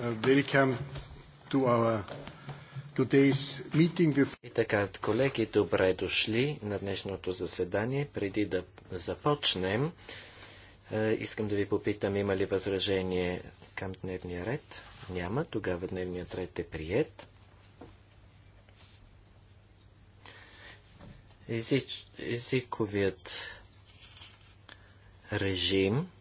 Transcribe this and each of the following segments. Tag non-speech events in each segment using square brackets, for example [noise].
Uh, welcome to our today's meeting. И така, колеги, добре дошли на днешното заседание. Преди да започнем, uh, искам да ви попитам, има ли възражение към дневния ред? Няма. Тогава дневният ред е прият. Език, езиковият режим –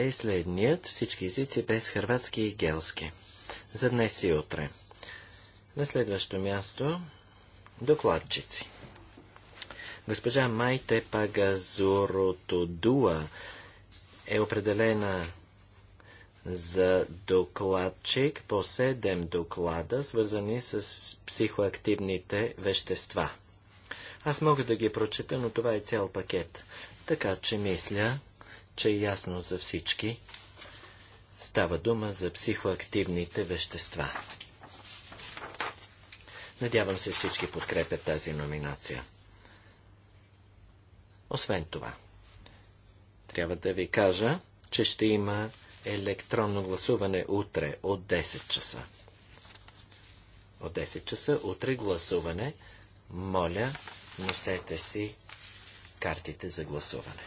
е следният всички езици без хрватски и гелски. За днес и утре. На следващо място докладчици. Госпожа Майте Пагазуротодуа е определена за докладчик по 7 доклада, свързани с психоактивните вещества. Аз мога да ги прочета, но това е цял пакет. Така че мисля, че е ясно за всички. Става дума за психоактивните вещества. Надявам се всички подкрепят тази номинация. Освен това, трябва да ви кажа, че ще има електронно гласуване утре от 10 часа. От 10 часа утре гласуване. Моля, носете си картите за гласуване.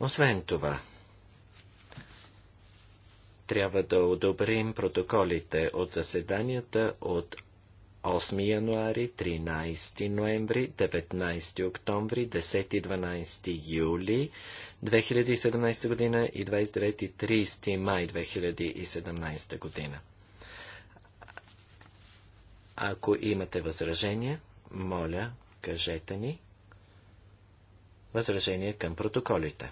Освен това, трябва да одобрим протоколите от заседанията от 8 януари, 13 ноември, 19 октомври, 10-12 и юли 2017 година и 29-30 май 2017 година. Ако имате възражения, моля, кажете ни възражение към протоколите.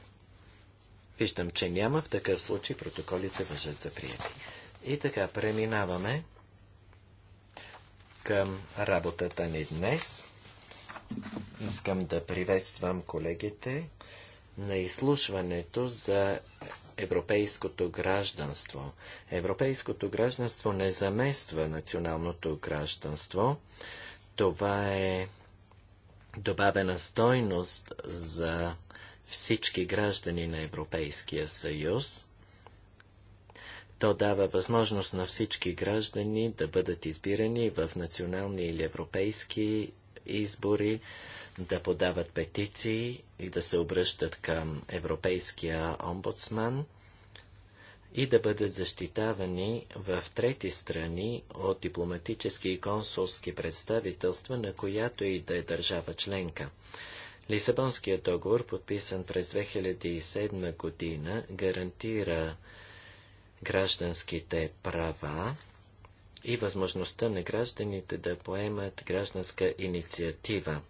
Виждам, че няма. В такъв случай протоколите въжат за приятели. И така, преминаваме към работата ни днес. Искам да приветствам колегите на изслушването за европейското гражданство. Европейското гражданство не замества националното гражданство. Това е добавена стойност за всички граждани на Европейския съюз. То дава възможност на всички граждани да бъдат избирани в национални или европейски избори, да подават петиции и да се обръщат към Европейския омбудсман и да бъдат защитавани в трети страни от дипломатически и консулски представителства, на която и да е държава членка. Лисабонският договор, подписан през 2007 година, гарантира гражданските права и възможността на гражданите да поемат гражданска инициатива.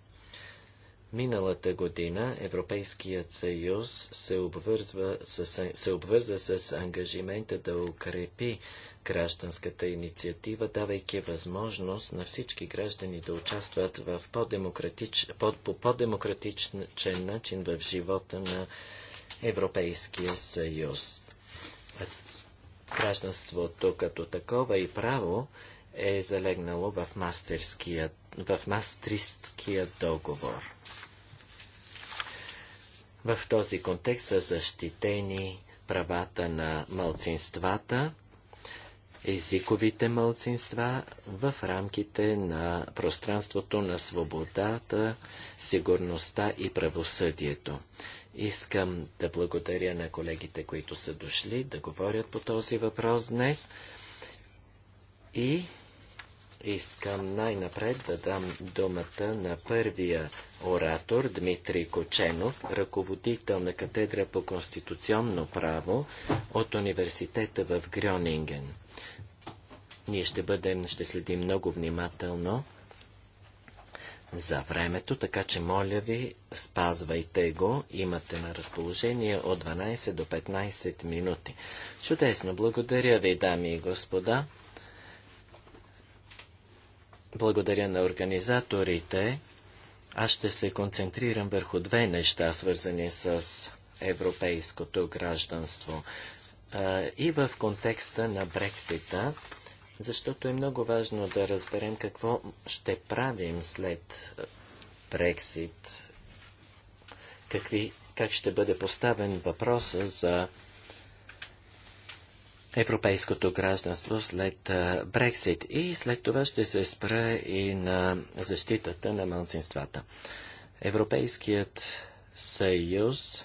Миналата година Европейският съюз се, обвързва с, се обвърза с ангажимента да укрепи гражданската инициатива, давайки възможност на всички граждани да участват в по-демократич, по, по по-демократичен начин в живота на Европейския съюз. Гражданството като такова и право е залегнало в, в мастерския договор. В този контекст са защитени правата на мълцинствата, езиковите мълцинства в рамките на пространството на свободата, сигурността и правосъдието. Искам да благодаря на колегите, които са дошли да говорят по този въпрос днес и Искам най-напред да дам думата на първия оратор Дмитрий Коченов, ръководител на катедра по конституционно право от университета в Грьонинген. Ние ще бъдем, ще следим много внимателно за времето, така че моля ви, спазвайте го. Имате на разположение от 12 до 15 минути. Чудесно, благодаря ви, дами и господа. Благодаря на организаторите. Аз ще се концентрирам върху две неща, свързани с европейското гражданство. И в контекста на Брексита, защото е много важно да разберем какво ще правим след Брексит, какви, как ще бъде поставен въпрос за европейското гражданство след Брексит. И след това ще се спра и на защитата на малцинствата. Европейският съюз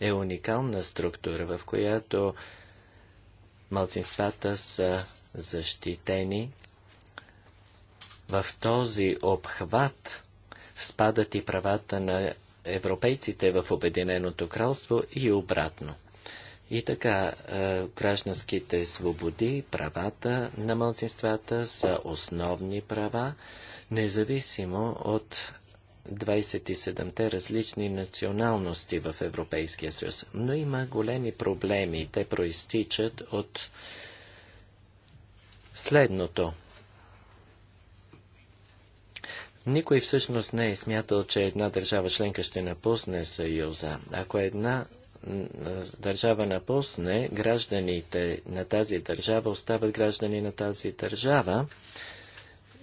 е уникална структура, в която малцинствата са защитени. В този обхват спадат и правата на европейците в Обединеното кралство и обратно. И така, е, гражданските свободи, правата на мълцинствата са основни права, независимо от 27-те различни националности в Европейския съюз. Но има големи проблеми. Те проистичат от следното. Никой всъщност не е смятал, че една държава членка ще напусне Съюза. Ако една държава напусне, гражданите на тази държава остават граждани на тази държава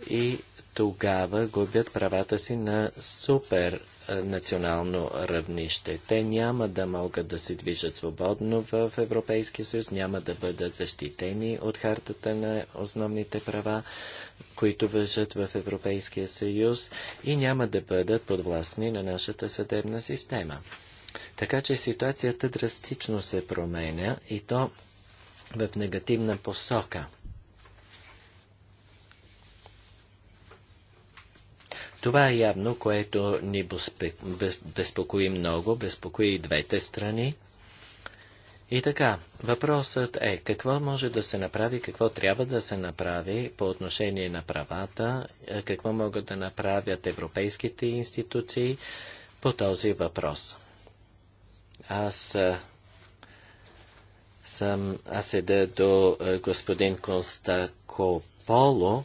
и тогава губят правата си на супер национално равнище. Те няма да могат да се движат свободно в Европейския съюз, няма да бъдат защитени от хартата на основните права, които въжат в Европейския съюз и няма да бъдат подвластни на нашата съдебна система. Така че ситуацията драстично се променя и то в негативна посока. Това е явно, което ни безпокои много, безпокои и двете страни. И така, въпросът е какво може да се направи, какво трябва да се направи по отношение на правата, е, какво могат да направят европейските институции по този въпрос. Аз съм, аз седа до господин Констакополо,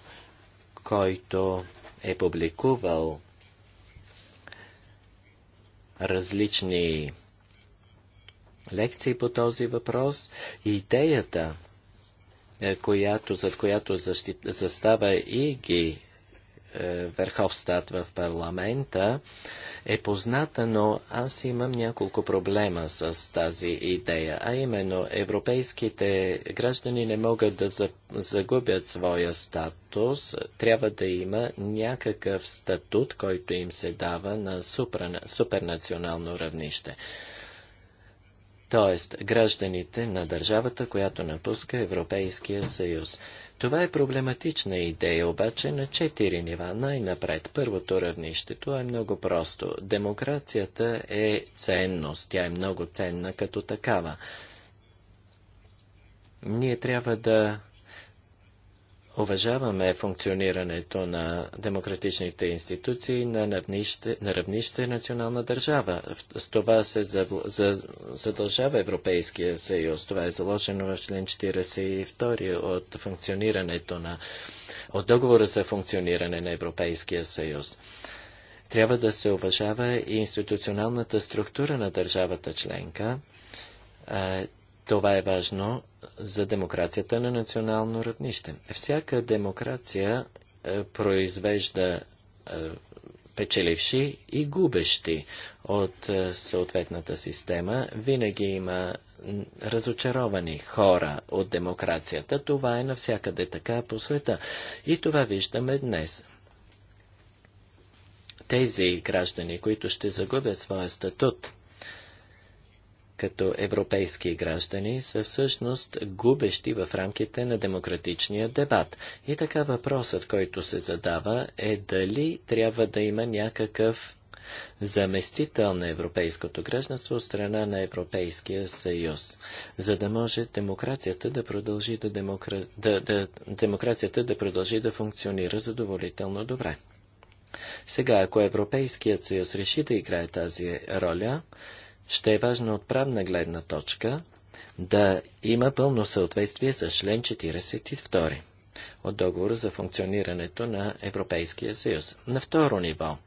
който е публикувал различни лекции по този въпрос. Идеята, е, която, зад която защит, застава и ги е, верховстат в парламента е позната, но аз имам няколко проблема с тази идея, а именно европейските граждани не могат да загубят своя статус, трябва да има някакъв статут, който им се дава на супер, супернационално равнище т.е. гражданите на държавата, която напуска Европейския съюз. Това е проблематична идея, обаче на четири нива. Най-напред, първото равнището е много просто. Демокрацията е ценност, тя е много ценна като такава. Ние трябва да уважаваме функционирането на демократичните институции на равнище, на равнище национална държава. С това се задължава Европейския съюз. Това е заложено в член 42 от функционирането на от договора за функциониране на Европейския съюз. Трябва да се уважава и институционалната структура на държавата членка. Това е важно за демокрацията на национално равнище. Всяка демокрация е, произвежда е, печеливши и губещи от е, съответната система. Винаги има разочаровани хора от демокрацията. Това е навсякъде така по света. И това виждаме днес. Тези граждани, които ще загубят своя статут, като европейски граждани са всъщност губещи в рамките на демократичния дебат. И така въпросът, който се задава е дали трябва да има някакъв заместител на европейското гражданство от страна на Европейския съюз, за да може демокрацията да продължи да, демокра... да, да, демокрацията да продължи да функционира задоволително добре. Сега, ако Европейският съюз реши да играе тази роля, ще е важно от правна гледна точка да има пълно съответствие с член 42 от договора за функционирането на Европейския съюз. На второ ниво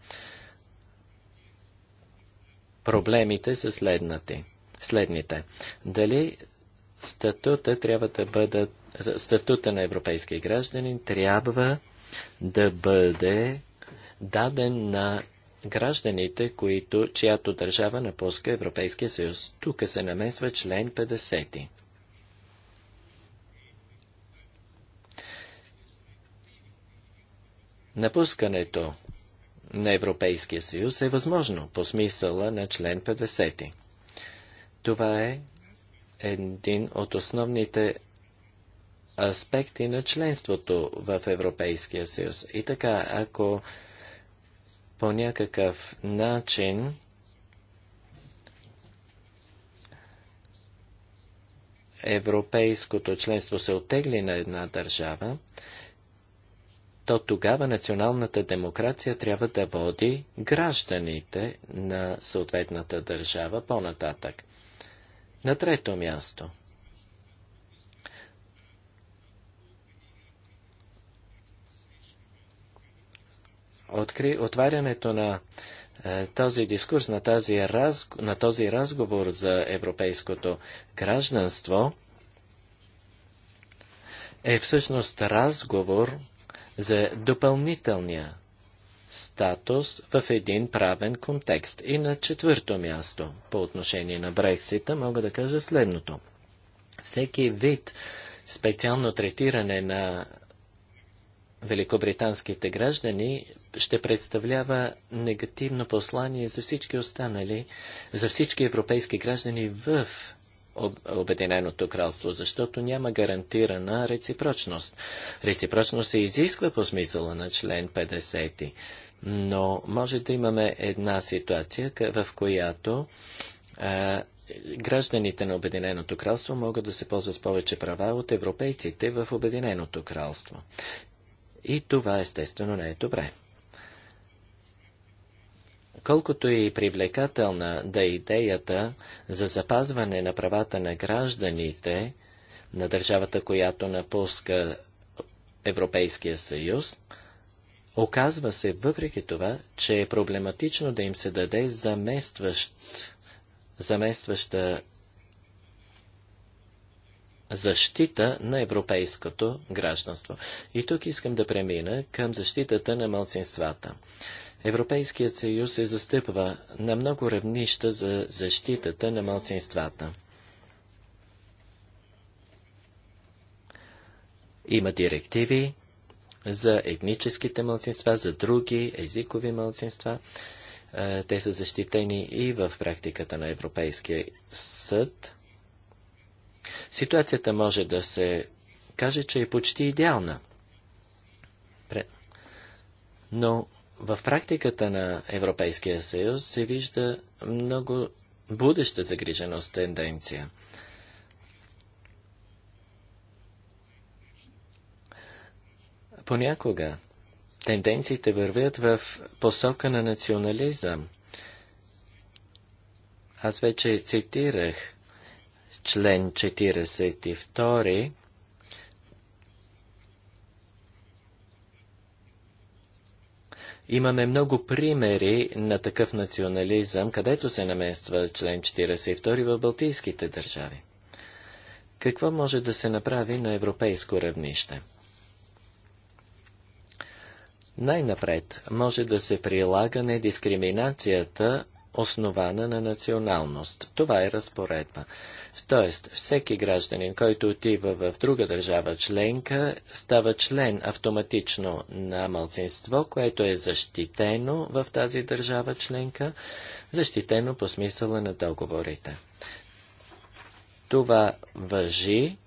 проблемите са следнати. следните. Дали статута трябва да бъде статута на европейски гражданин трябва да бъде даден на гражданите, които, чиято държава напуска Европейския съюз. Тук се намесва член 50. Напускането на Европейския съюз е възможно по смисъла на член 50. Това е един от основните аспекти на членството в Европейския съюз. И така, ако по някакъв начин европейското членство се отегли на една държава, то тогава националната демокрация трябва да води гражданите на съответната държава по-нататък. На трето място. Откри, отварянето на е, този дискурс, на, тази раз, на този разговор за европейското гражданство е всъщност разговор за допълнителния статус в един правен контекст. И на четвърто място по отношение на Брексита мога да кажа следното. Всеки вид специално третиране на великобританските граждани ще представлява негативно послание за всички останали, за всички европейски граждани в Обединеното кралство, защото няма гарантирана реципрочност. Реципрочност се изисква по смисъла на член 50, но може да имаме една ситуация, в която а, гражданите на Обединеното кралство могат да се ползват с повече права от европейците в Обединеното кралство. И това естествено не е добре. Колкото и привлекателна да е идеята за запазване на правата на гражданите на държавата, която напуска Европейския съюз, оказва се въпреки това, че е проблематично да им се даде заместващ, заместваща защита на европейското гражданство. И тук искам да премина към защитата на малцинствата. Европейският съюз се застъпва на много равнища за защитата на малцинствата. Има директиви за етническите малцинства, за други езикови малцинства. Е, те са защитени и в практиката на Европейския съд – Ситуацията може да се каже, че е почти идеална. Но в практиката на Европейския съюз се вижда много будеща загриженост тенденция. Понякога тенденциите вървят в посока на национализъм. Аз вече цитирах член 42 Имаме много примери на такъв национализъм, където се намества член 42 в Балтийските държави. Какво може да се направи на европейско равнище? Най-напред може да се прилага недискриминацията основана на националност. Това е разпоредба. Тоест, всеки гражданин, който отива в друга държава членка, става член автоматично на малцинство, което е защитено в тази държава членка, защитено по смисъла на договорите. Това въжи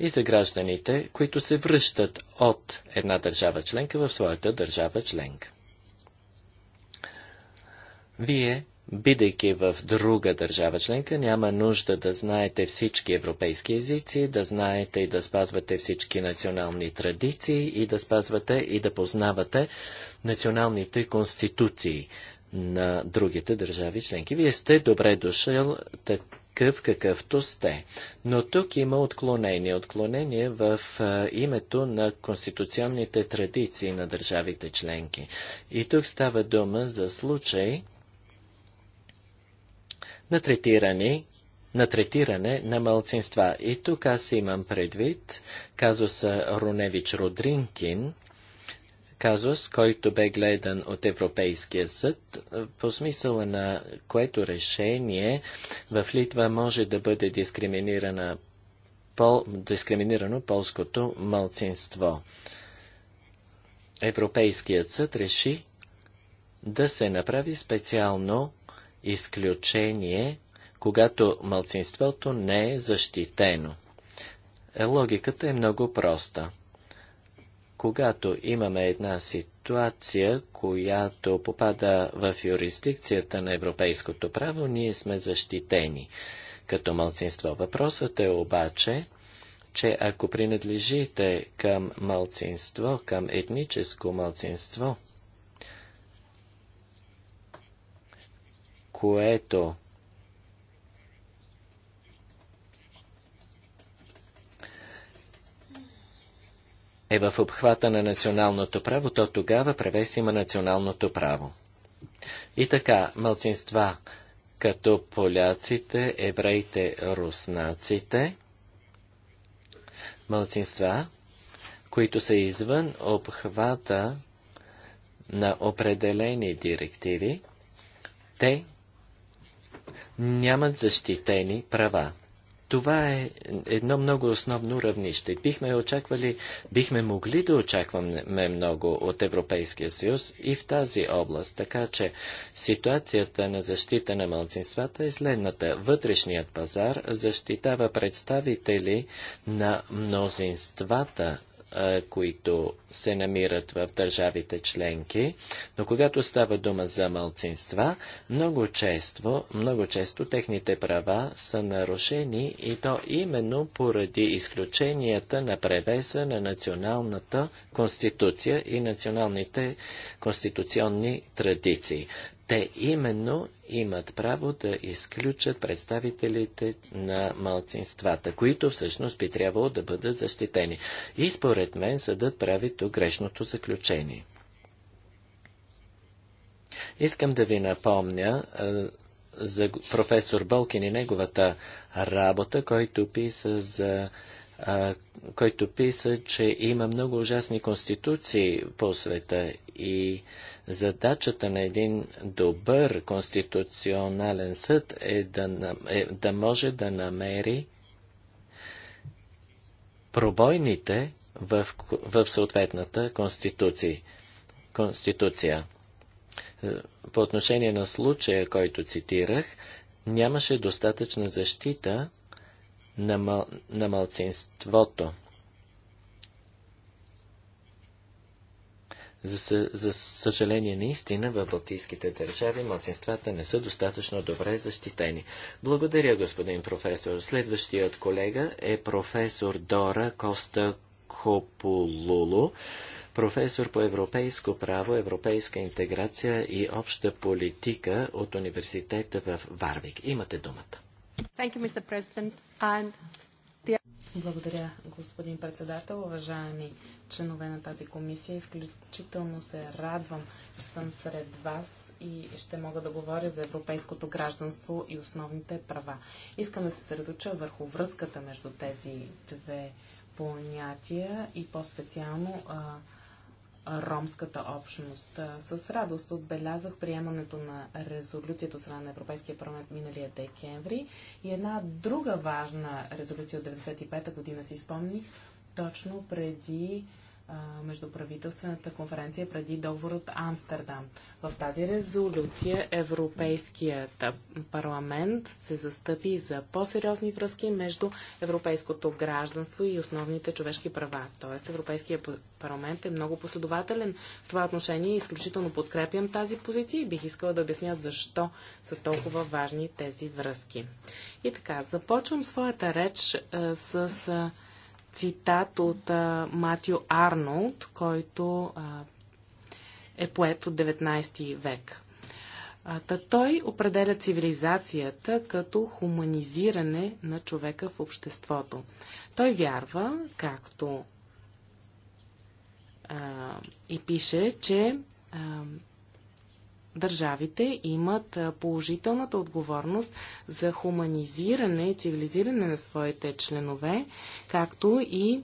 и за гражданите, които се връщат от една държава членка в своята държава членка. Вие, бидейки в друга държава членка, няма нужда да знаете всички европейски езици, да знаете и да спазвате всички национални традиции и да спазвате и да познавате националните конституции на другите държави членки. Вие сте добре дошъл такъв какъвто сте. Но тук има отклонение. Отклонение в името на конституционните традиции на държавите членки. И тук става дума за случай, на третиране, на третиране на мълцинства. И тук аз имам предвид казуса Руневич Родринкин, казус, който бе гледан от Европейския съд, по смисъла на което решение в Литва може да бъде дискриминирана, пол, дискриминирано полското мълцинство. Европейският съд реши да се направи специално изключение, когато мълцинството не е защитено. Е, логиката е много проста. Когато имаме една ситуация, която попада в юрисдикцията на европейското право, ние сме защитени като мълцинство. Въпросът е обаче, че ако принадлежите към мълцинство, към етническо мълцинство, което е в обхвата на националното право, то тогава превес има националното право. И така, мълцинства като поляците, евреите, руснаците, мълцинства, които са извън обхвата на определени директиви, те нямат защитени права. Това е едно много основно равнище. Бихме очаквали, бихме могли да очакваме много от Европейския съюз и в тази област, така че ситуацията на защита на малцинствата е следната. Вътрешният пазар защитава представители на мнозинствата които се намират в държавите членки, но когато става дума за малцинства, много често, много често техните права са нарушени и то именно поради изключенията на превеса на националната конституция и националните конституционни традиции те именно имат право да изключат представителите на малцинствата, които всъщност би трябвало да бъдат защитени. И според мен съдът прави тук грешното заключение. Искам да ви напомня за професор Болкин и неговата работа, който писа за който писа, че има много ужасни конституции по света и задачата на един добър конституционален съд е да, е, да може да намери пробойните в, в съответната конституция. конституция. По отношение на случая, който цитирах, нямаше достатъчна защита на, мал... на мълцинството. За, за съжаление, наистина в балтийските държави младсинствата не са достатъчно добре защитени. Благодаря, господин професор. Следващият колега е професор Дора Коста Копулулу, професор по европейско право, европейска интеграция и обща политика от университета в Варвик. Имате думата. Thank you, Mr. President. And благодаря, господин председател. Уважаеми членове на тази комисия, изключително се радвам, че съм сред вас и ще мога да говоря за европейското гражданство и основните права. Искам да се средоча върху връзката между тези две понятия и по-специално ромската общност. С радост отбелязах приемането на резолюцията от страна на Европейския парламент миналия декември и една друга важна резолюция от 1995 година си спомних, точно преди междуправителствената конференция преди договор от Амстердам. В тази резолюция Европейският парламент се застъпи за по-сериозни връзки между европейското гражданство и основните човешки права. Тоест Европейският парламент е много последователен в това отношение и изключително подкрепям тази позиция и бих искала да обясня защо са толкова важни тези връзки. И така, започвам своята реч а, с а, цитат от а, Матио Арнолд, който а, е поет от 19 век. А, та той определя цивилизацията като хуманизиране на човека в обществото. Той вярва, както а, и пише, че а, държавите имат положителната отговорност за хуманизиране и цивилизиране на своите членове, както и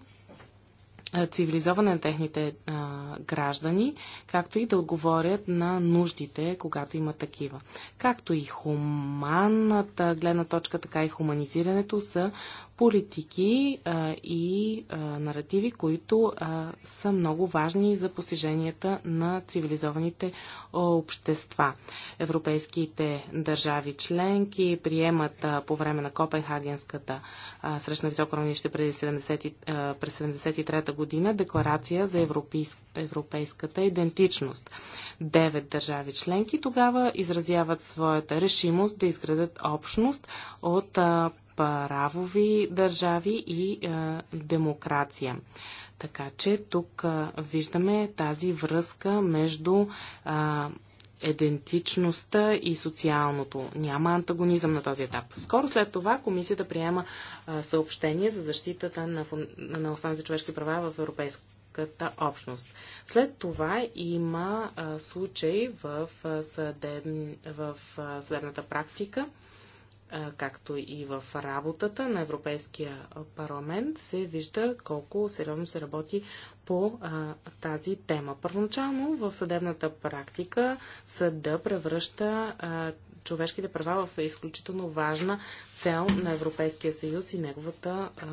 цивилизоване на техните а, граждани, както и да отговорят на нуждите, когато има такива. Както и хуманната гледна точка, така и хуманизирането са политики а, и а, наративи, които а, са много важни за постиженията на цивилизованите общества. Европейските държави членки приемат а, по време на Копенхагенската а, срещна високо равнище през 73-та година декларация за европейск, европейската идентичност. Девет държави членки тогава изразяват своята решимост да изградат общност от а, правови държави и а, е, демокрация. Така че тук а, е, виждаме тази връзка между а, е, идентичността и социалното. Няма антагонизъм на този етап. Скоро след това комисията приема а, съобщение за защитата на, на основните човешки права в Европейската общност. След това има а, случай в, а, съдеб, в а, съдебната практика, както и в работата на Европейския парламент, се вижда колко сериозно се работи по а, тази тема. Първоначално в съдебната практика съда превръща а, човешките права в изключително важна цел на Европейския съюз и неговата а,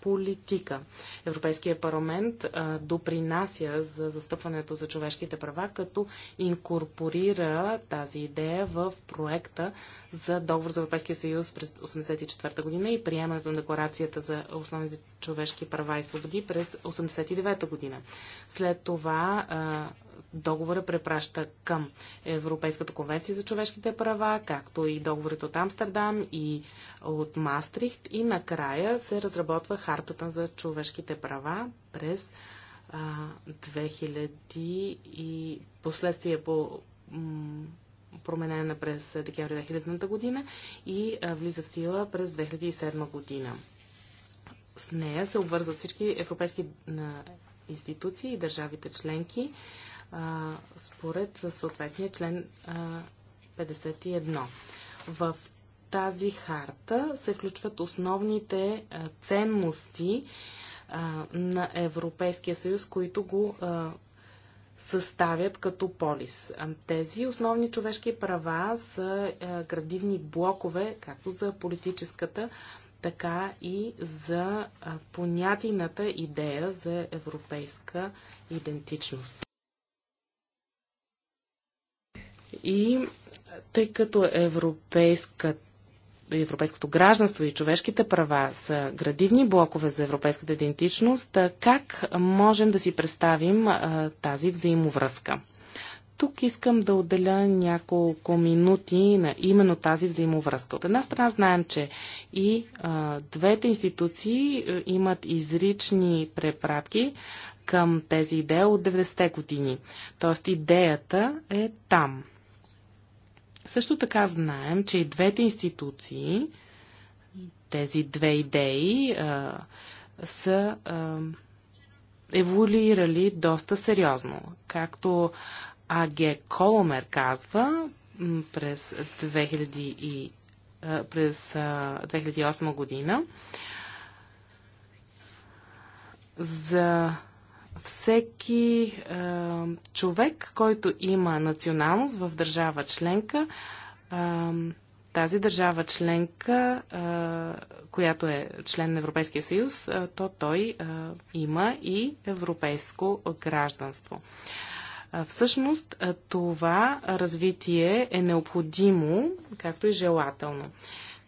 политика. Европейския парламент а, допринася за застъпването за човешките права, като инкорпорира тази идея в проекта за договор за Европейския съюз през 1984 година и приемането на декларацията за основните човешки права и свободи през 1989 година. След това а, договора препраща към Европейската конвенция за човешките права, както и договорите от Амстердам и от Мастрихт. И накрая се разработва Хартата за човешките права през 2000 и последствие по променена през декември 2000 година и влиза в сила през 2007 година. С нея се обвързват всички европейски институции и държавите членки а, според съответния член а, 51. В тази харта се включват основните а, ценности а, на Европейския съюз, които го а, съставят като полис. Тези основни човешки права са градивни блокове, както за политическата, така и за понятийната идея за европейска идентичност. И тъй като европейската европейското гражданство и човешките права са градивни блокове за европейската идентичност, как можем да си представим а, тази взаимовръзка? Тук искам да отделя няколко минути на именно тази взаимовръзка. От една страна знаем, че и а, двете институции имат изрични препратки към тези идеи от 90-те години. Тоест идеята е там. Също така знаем, че и двете институции, тези две идеи, а, са а, еволюирали доста сериозно. Както АГ Коломер казва, през, 2000 и, а, през а, 2008 година, за всеки е, човек, който има националност в държава членка, е, тази държава членка, е, която е член на Европейския съюз, е, то той е, има и европейско гражданство. Е, всъщност е, това развитие е необходимо, както и желателно.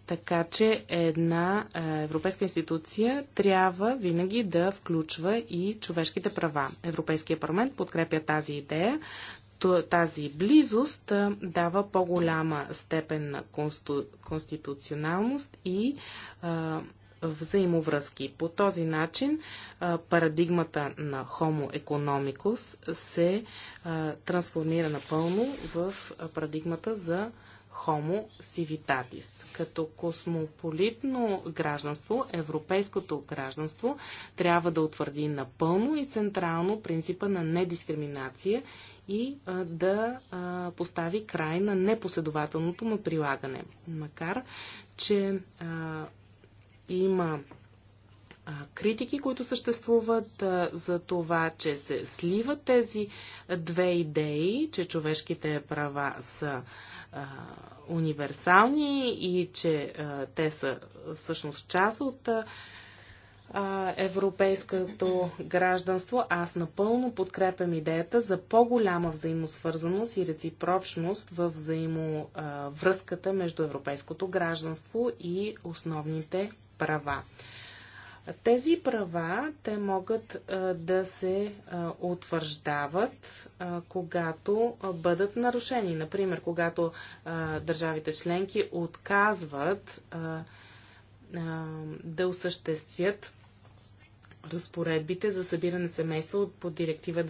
Така че една е, европейска институция трябва винаги да включва и човешките права. Европейския парламент подкрепя тази идея. Тази близост е, дава по-голяма степен на конституционалност и е, взаимовръзки. По този начин парадигмата на Homo economicus се трансформира напълно в парадигмата за Homo Civitatis. Като космополитно гражданство, европейското гражданство трябва да утвърди напълно и централно принципа на недискриминация и а, да а, постави край на непоследователното му прилагане. Макар, че а, има критики, които съществуват за това, че се сливат тези две идеи, че човешките права са а, универсални и че а, те са всъщност част от а, европейското гражданство, аз напълно подкрепям идеята за по-голяма взаимосвързаност и реципрочност в взаимовръзката между европейското гражданство и основните права. Тези права, те могат да се утвърждават, когато бъдат нарушени. Например, когато държавите членки отказват да осъществят разпоредбите за събиране семейства по директива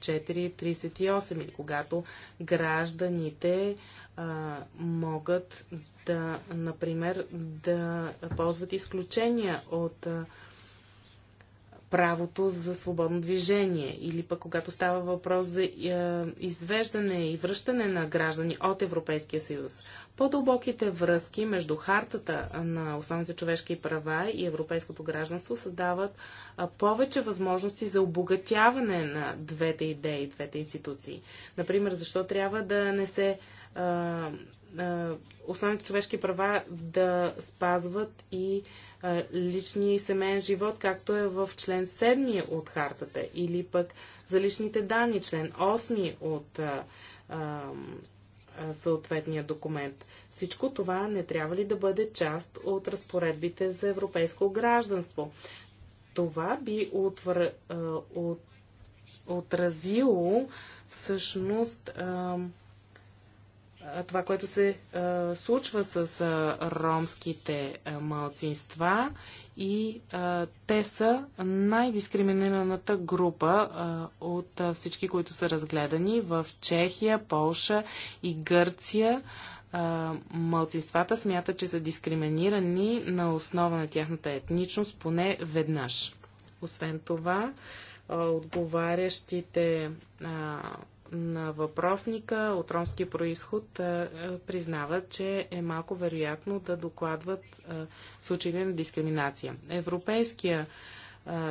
4.38 или когато гражданите а, могат да, например, да ползват изключения от а, правото за свободно движение или пък когато става въпрос за е, извеждане и връщане на граждани от Европейския съюз. По-дълбоките връзки между хартата на основните човешки права и европейското гражданство създават е, повече възможности за обогатяване на двете идеи, двете институции. Например, защо трябва да не се е, основните човешки права да спазват и личния и семейен живот, както е в член 7 от хартата, или пък за личните данни, член 8 от съответния документ. Всичко това не трябва ли да бъде част от разпоредбите за европейско гражданство? Това би отвър... от... отразило всъщност това, което се а, случва с а, ромските а, малцинства и а, те са най-дискриминираната група а, от а, всички, които са разгледани в Чехия, Полша и Гърция. А, малцинствата смятат, че са дискриминирани на основа на тяхната етничност поне веднъж. Освен това, а, отговарящите а, на въпросника от ромски происход признават, че е малко вероятно да докладват случаи на дискриминация. Европейския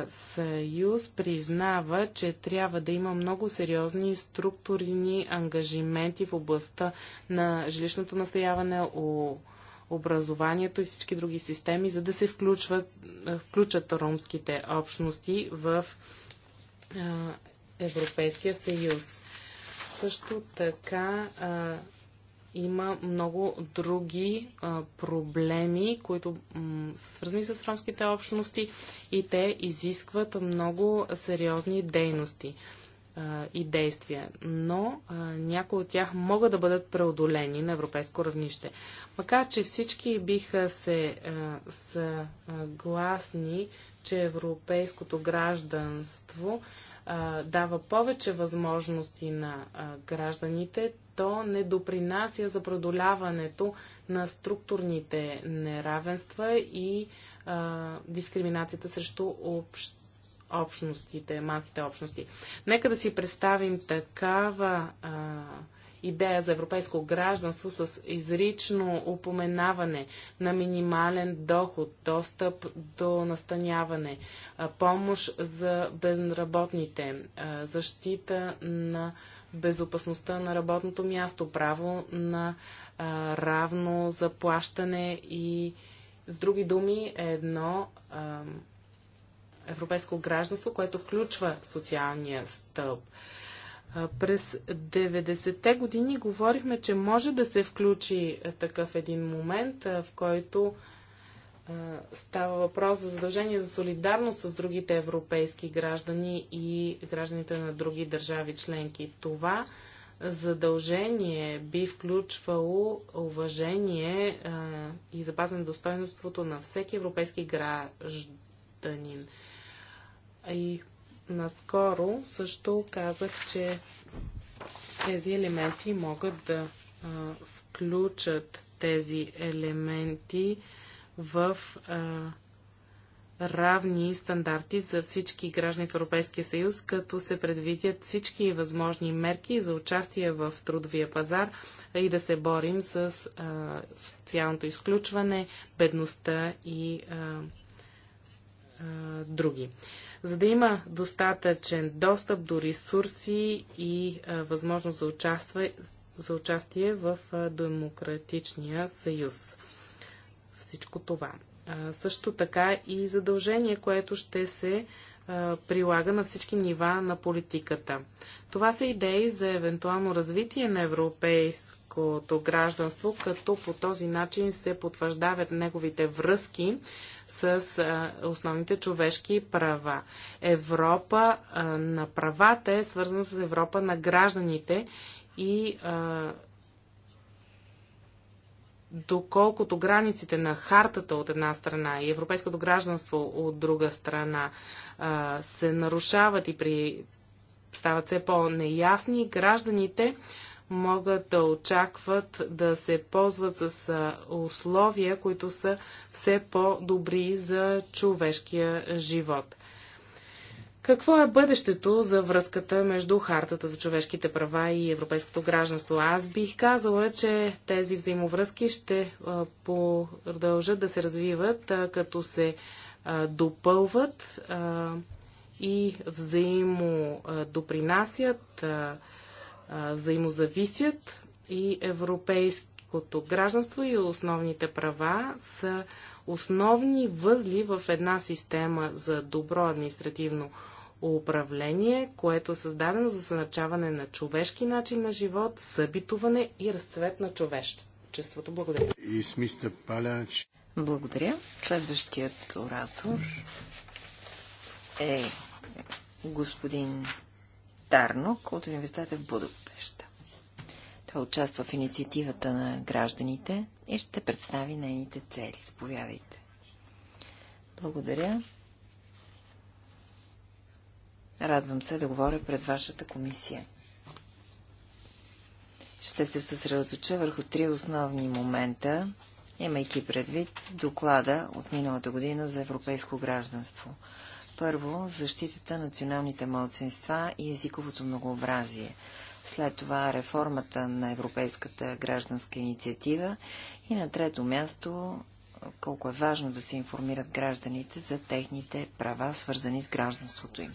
съюз признава, че трябва да има много сериозни структурни ангажименти в областта на жилищното настояване, образованието и всички други системи, за да се включват, включат ромските общности в Европейския съюз. Също така а, има много други а, проблеми, които са свързани с ромските общности и те изискват много сериозни дейности а, и действия. Но а, някои от тях могат да бъдат преодолени на европейско равнище. Макар, че всички биха се а, че европейското гражданство дава повече възможности на гражданите, то не допринася за преодоляването на структурните неравенства и дискриминацията срещу общ, общностите, малките общности. Нека да си представим такава. А, идея за европейско гражданство с изрично упоменаване на минимален доход, достъп до настаняване, помощ за безработните, защита на безопасността на работното място, право на равно заплащане и с други думи е едно европейско гражданство, което включва социалния стълб. През 90-те години говорихме, че може да се включи такъв един момент, в който става въпрос за задължение за солидарност с другите европейски граждани и гражданите на други държави членки. Това задължение би включвало уважение и запазване достоинството на всеки европейски гражданин. И наскоро също казах, че тези елементи могат да а, включат тези елементи в а, равни стандарти за всички граждани в Европейския съюз, като се предвидят всички възможни мерки за участие в трудовия пазар и да се борим с а, социалното изключване, бедността и а, а, други. За да има достатъчен достъп до ресурси и а, възможност за участие, за участие в а, демократичния съюз. Всичко това. А, също така и задължение, което ще се прилага на всички нива на политиката. Това са идеи за евентуално развитие на европейск българското гражданство, като по този начин се потвърждават неговите връзки с основните човешки права. Европа на правата е свързана с Европа на гражданите и доколкото границите на хартата от една страна и европейското гражданство от друга страна се нарушават и при стават все по-неясни, гражданите могат да очакват да се ползват с условия, които са все по-добри за човешкия живот. Какво е бъдещето за връзката между Хартата за човешките права и европейското гражданство? Аз бих казала, че тези взаимовръзки ще продължат да се развиват, като се допълват и взаимодопринасят, допринасят взаимозависят и европейското гражданство и основните права са основни възли в една система за добро административно управление, което е създадено за съначаване на човешки начин на живот, събитуване и разцвет на човечеството. Благодаря. Благодаря. Следващият оратор е господин Тарнок от университета в Будапеща. Той участва в инициативата на гражданите и ще представи нейните цели. Сповядайте. Благодаря. Радвам се да говоря пред вашата комисия. Ще се съсредоточа върху три основни момента, имайки предвид доклада от миналата година за европейско гражданство – първо, защитата на националните младсинства и езиковото многообразие. След това реформата на Европейската гражданска инициатива. И на трето място, колко е важно да се информират гражданите за техните права, свързани с гражданството им.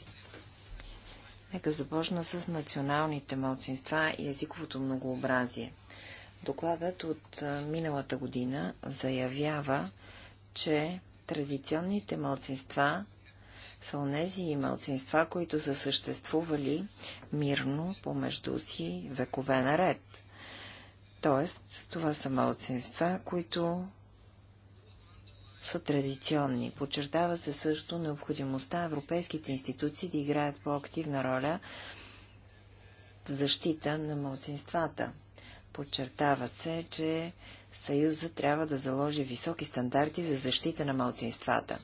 Нека започна с националните младсинства и езиковото многообразие. Докладът от миналата година заявява, че традиционните младсинства са онези малцинства, които са съществували мирно помежду си векове наред. Тоест, това са малцинства, които са традиционни. Подчертава се също необходимостта европейските институции да играят по-активна роля в защита на малцинствата. Подчертава се, че Съюза трябва да заложи високи стандарти за защита на малцинствата.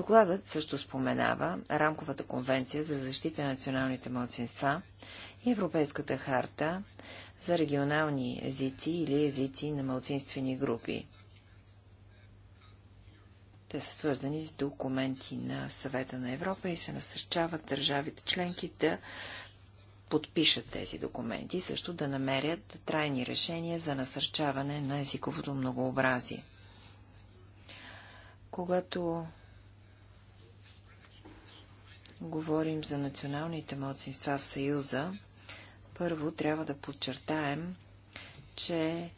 Докладът също споменава Рамковата конвенция за защита на националните младсинства и Европейската харта за регионални езици или езици на младсинствени групи. Те са свързани с документи на Съвета на Европа и се насърчават държавите членки да подпишат тези документи също да намерят трайни решения за насърчаване на езиковото многообразие. Когато говорим за националните младсинства в Съюза, първо трябва да подчертаем, че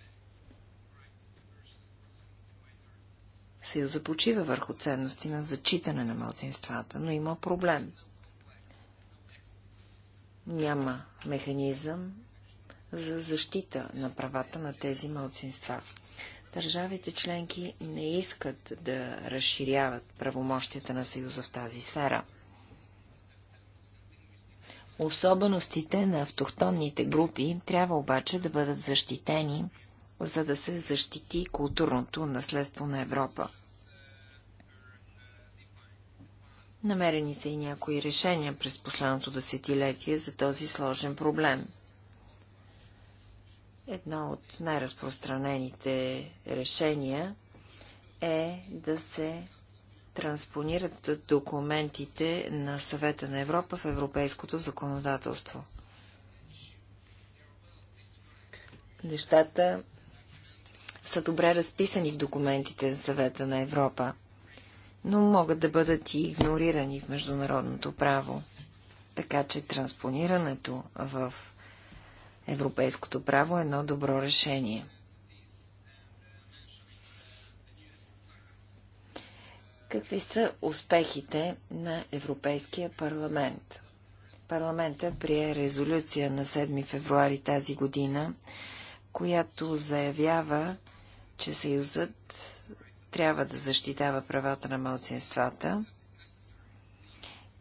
Съюза почива върху ценности на зачитане на младсинствата, но има проблем. Няма механизъм за защита на правата на тези младсинства. Държавите членки не искат да разширяват правомощията на Съюза в тази сфера – Особеностите на автохтонните групи трябва обаче да бъдат защитени, за да се защити културното наследство на Европа. Намерени са и някои решения през последното десетилетие за този сложен проблем. Едно от най-разпространените решения е да се транспонират документите на Съвета на Европа в европейското законодателство. Нещата са добре разписани в документите на Съвета на Европа, но могат да бъдат и игнорирани в международното право. Така че транспонирането в европейското право е едно добро решение. Какви са успехите на Европейския парламент? Парламента прие резолюция на 7 февруари тази година, която заявява, че Съюзът трябва да защитава правата на малцинствата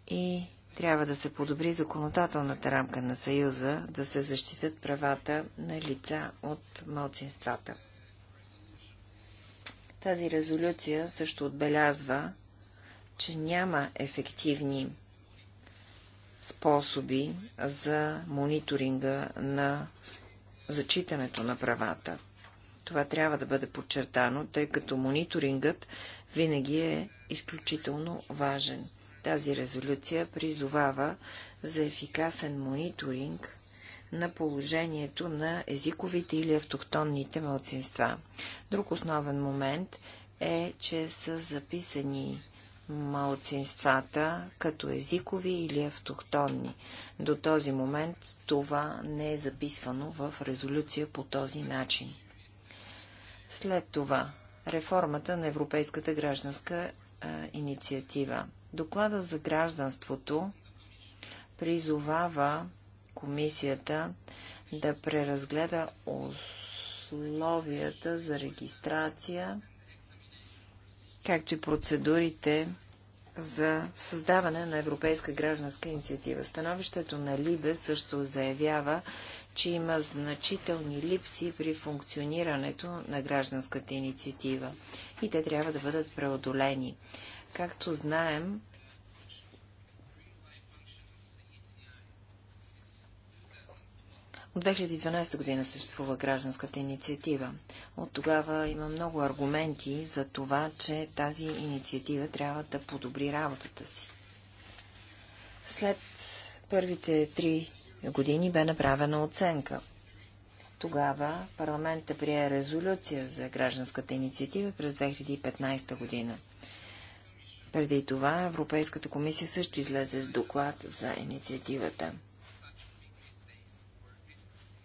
и трябва да се подобри законодателната рамка на Съюза, да се защитат правата на лица от малцинствата. Тази резолюция също отбелязва, че няма ефективни способи за мониторинга на зачитането на правата. Това трябва да бъде подчертано, тъй като мониторингът винаги е изключително важен. Тази резолюция призовава за ефикасен мониторинг на положението на езиковите или автохтонните младсинства. Друг основен момент е, че са записани малцинствата като езикови или автохтонни. До този момент това не е записвано в резолюция по този начин. След това реформата на Европейската гражданска а, инициатива. Доклада за гражданството призовава комисията да преразгледа условията за регистрация, както и процедурите за създаване на Европейска гражданска инициатива. Становището на Либе също заявява, че има значителни липси при функционирането на гражданската инициатива и те трябва да бъдат преодолени. Както знаем, От 2012 година съществува гражданската инициатива. От тогава има много аргументи за това, че тази инициатива трябва да подобри работата си. След първите три години бе направена оценка. Тогава парламентът прие резолюция за гражданската инициатива през 2015 година. Преди това Европейската комисия също излезе с доклад за инициативата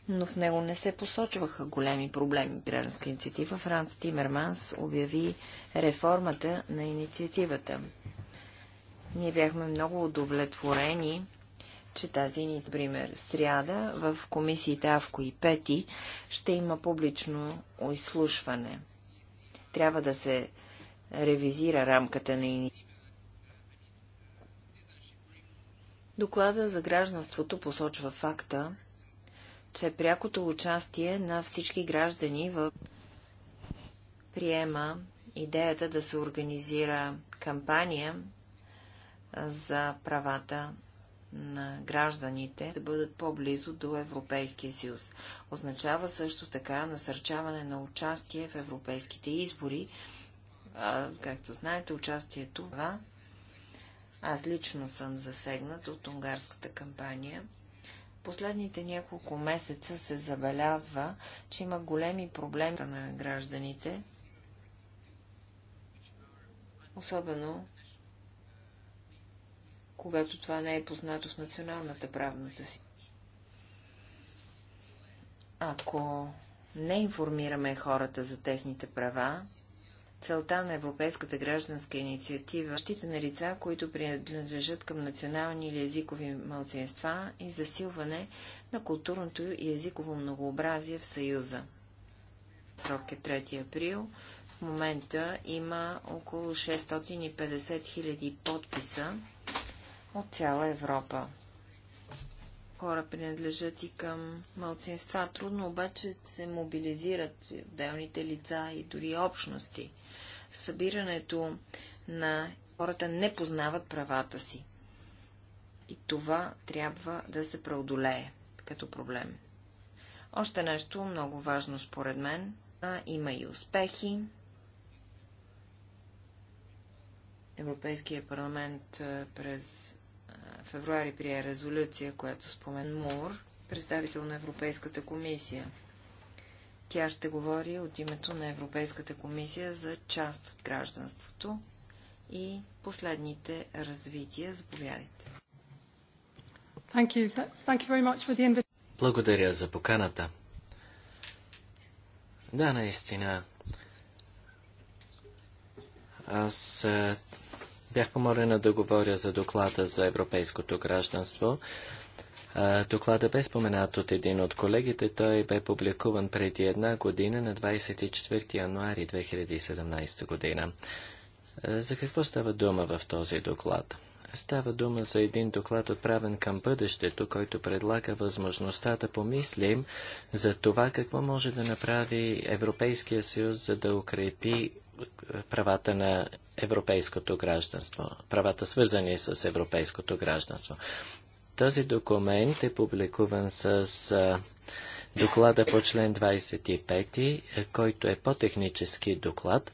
но в него не се посочваха големи проблеми. Гражданска инициатива Франц Тимерманс обяви реформата на инициативата. Ние бяхме много удовлетворени, че тази ни, например, сряда в комисиите Авко и Пети ще има публично изслушване. Трябва да се ревизира рамката на инициативата. Доклада за гражданството посочва факта, че прякото участие на всички граждани в приема идеята да се организира кампания за правата на гражданите да бъдат по-близо до Европейския съюз. Означава също така насърчаване на участие в европейските избори. А, както знаете, участието това. Аз лично съм засегнат от унгарската кампания последните няколко месеца се забелязва, че има големи проблеми на гражданите, особено когато това не е познато в националната правната си. Ако не информираме хората за техните права, целта на Европейската гражданска инициатива е защита на лица, които принадлежат към национални или езикови малцинства и засилване на културното и езиково многообразие в Съюза. Срок е 3 април. В момента има около 650 000 подписа от цяла Европа. Хора принадлежат и към мълцинства. Трудно обаче се мобилизират отделните лица и дори общности – събирането на хората не познават правата си. И това трябва да се преодолее като проблем. Още нещо много важно според мен. А, има и успехи. Европейския парламент през февруари прие резолюция, която спомен Мур, представител на Европейската комисия. Тя ще говори от името на Европейската комисия за част от гражданството и последните развития. Заповядайте. Благодаря за поканата. Да, наистина. Аз бях помолена да говоря за доклада за европейското гражданство. Доклада бе споменат от един от колегите. Той бе публикуван преди една година на 24 януари 2017 година. За какво става дума в този доклад? Става дума за един доклад отправен към бъдещето, който предлага възможността да помислим за това какво може да направи Европейския съюз, за да укрепи е, правата на европейското гражданство, правата свързани с европейското гражданство. Този документ е публикуван с доклада по член 25, който е по-технически доклад.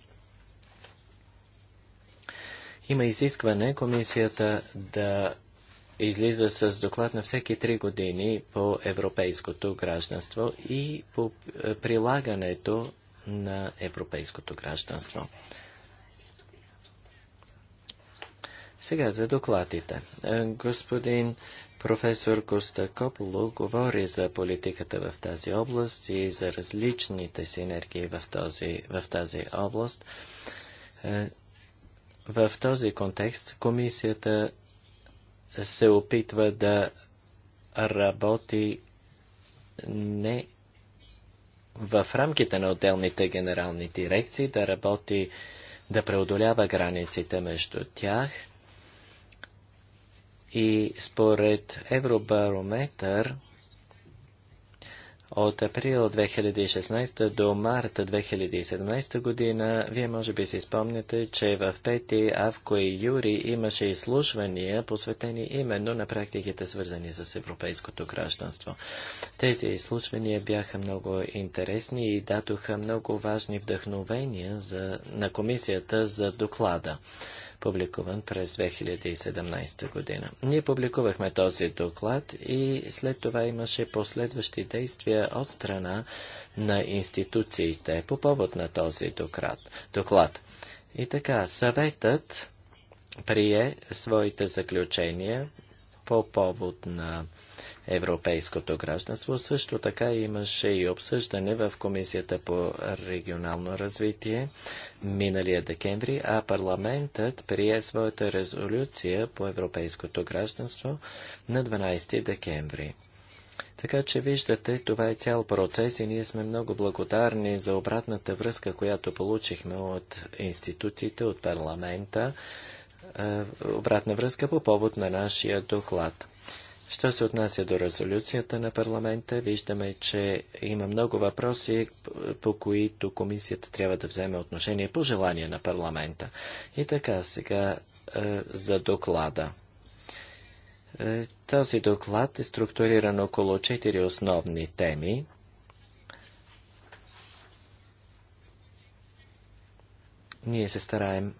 Има изискване комисията да излиза с доклад на всеки три години по европейското гражданство и по прилагането на европейското гражданство. Сега за докладите. Господин Професор Кополо говори за политиката в тази област и за различните синергии в, този, в тази област. Е, в този контекст комисията се опитва да работи не в рамките на отделните генерални дирекции, да работи, да преодолява границите между тях – и според Евробарометър от април 2016 до март 2017 година, вие може би си спомняте, че в 5 Авко и Юри имаше изслушвания, посветени именно на практиките, свързани с европейското гражданство. Тези изслушвания бяха много интересни и дадоха много важни вдъхновения за, на комисията за доклада публикуван през 2017 година. Ние публикувахме този доклад и след това имаше последващи действия от страна на институциите по повод на този доклад. И така, съветът прие своите заключения по повод на европейското гражданство. Също така имаше и обсъждане в Комисията по регионално развитие миналия декември, а парламентът прие своята резолюция по европейското гражданство на 12 декември. Така че виждате, това е цял процес и ние сме много благодарни за обратната връзка, която получихме от институциите, от парламента, е, обратна връзка по повод на нашия доклад. Що се отнася до резолюцията на парламента, виждаме, че има много въпроси, по които комисията трябва да вземе отношение по желание на парламента. И така, сега е, за доклада. Е, този доклад е структуриран около четири основни теми. Ние се стараем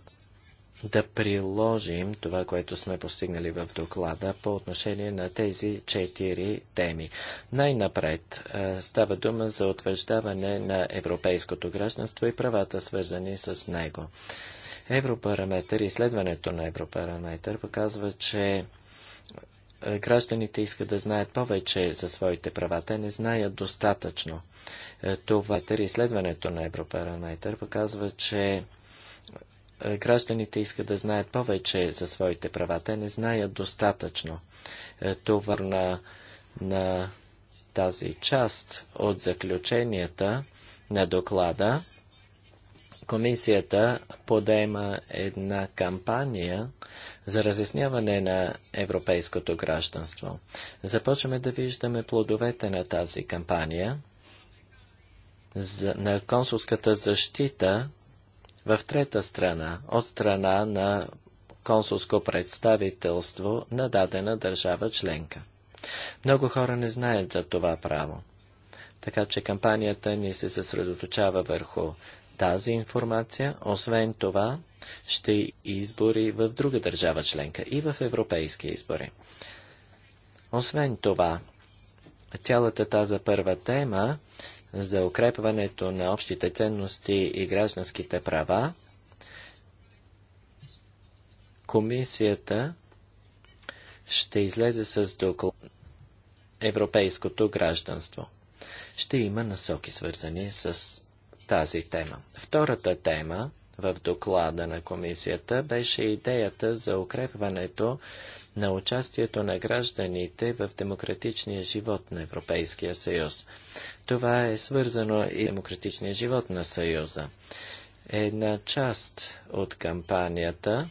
да приложим това, което сме постигнали в доклада по отношение на тези четири теми. Най-напред става дума за утвърждаване на европейското гражданство и правата, свързани с него. Европараметър, изследването на Европараметър показва, че гражданите искат да знаят повече за своите права. Те не знаят достатъчно. Това изследването на Европараметър показва, че е, гражданите искат да знаят повече за своите права. Те не знаят достатъчно. Е, Това на, на тази част от заключенията на доклада. Комисията подема една кампания за разясняване на европейското гражданство. Започваме да виждаме плодовете на тази кампания. За, на консулската защита в трета страна, от страна на консулско представителство на дадена държава членка. Много хора не знаят за това право. Така че кампанията ни се съсредоточава върху тази информация, освен това ще избори в друга държава членка и в европейски избори. Освен това, цялата тази първа тема за укрепването на общите ценности и гражданските права, комисията ще излезе с доклад Европейското гражданство. Ще има насоки свързани с тази тема. Втората тема в доклада на комисията беше идеята за укрепването на участието на гражданите в демократичния живот на Европейския съюз. Това е свързано и демократичния живот на съюза. Една част от кампанията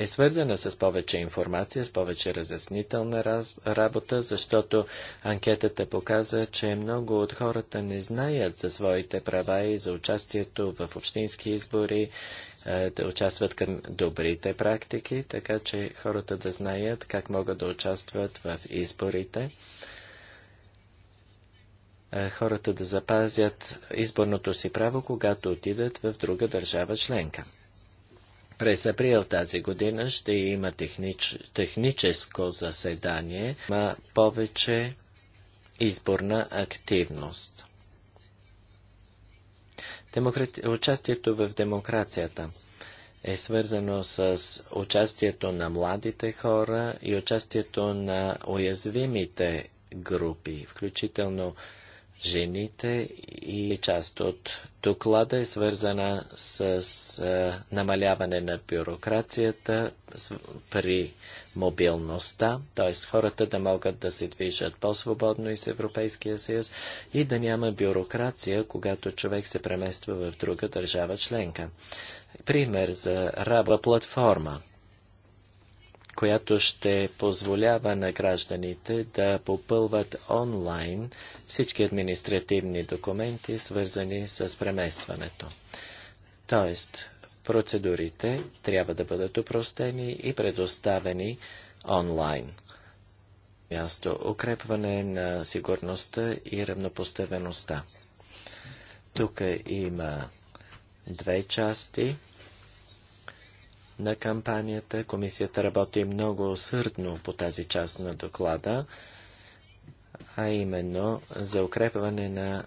е свързана с повече информация, с повече разяснителна раз... работа, защото анкетата показа, че много от хората не знаят за своите права и за участието в общински избори, е, да участват към добрите практики, така че хората да знаят как могат да участват в изборите е, хората да запазят изборното си право, когато отидат в друга държава членка. През април тази година ще има технич... техническо заседание, има повече изборна активност. Демократи... Участието в демокрацията е свързано с участието на младите хора и участието на уязвимите групи, включително жените и част от доклада е свързана с, намаляване на бюрокрацията при мобилността, т.е. хората да могат да се движат по-свободно из Европейския съюз и да няма бюрокрация, когато човек се премества в друга държава членка. Пример за раба платформа – която ще позволява на гражданите да попълват онлайн всички административни документи, свързани с преместването. Тоест, процедурите трябва да бъдат упростени и предоставени онлайн. Място укрепване на сигурността и равнопоставеността. Тук има две части – на кампанията. Комисията работи много усърдно по тази част на доклада, а именно за укрепване на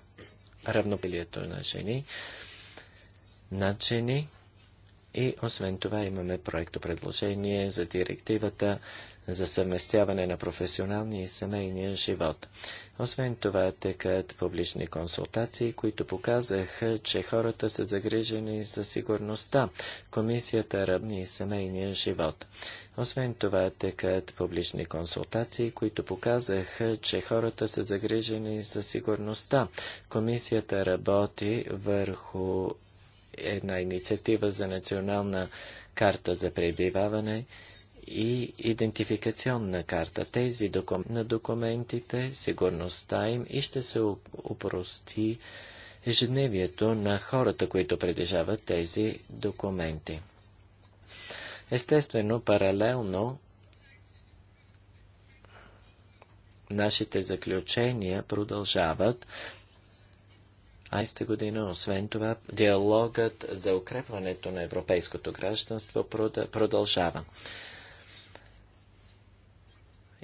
равнопилието на жени, над жени. И освен това имаме проекто предложение за директивата за съвместяване на професионалния и семейния живот. Освен това текат публични консултации, които показаха, че хората са загрижени за сигурността, комисията ръбни и семейния живот. Освен това текат публични консултации, които показаха, че хората са загрижени за сигурността. Комисията работи върху една инициатива за национална карта за пребиваване и идентификационна карта. Тези докум... на документите, сигурността им и ще се упрости ежедневието на хората, които притежават тези документи. Естествено, паралелно нашите заключения продължават 2020 година. Освен това, диалогът за укрепването на европейското гражданство продължава.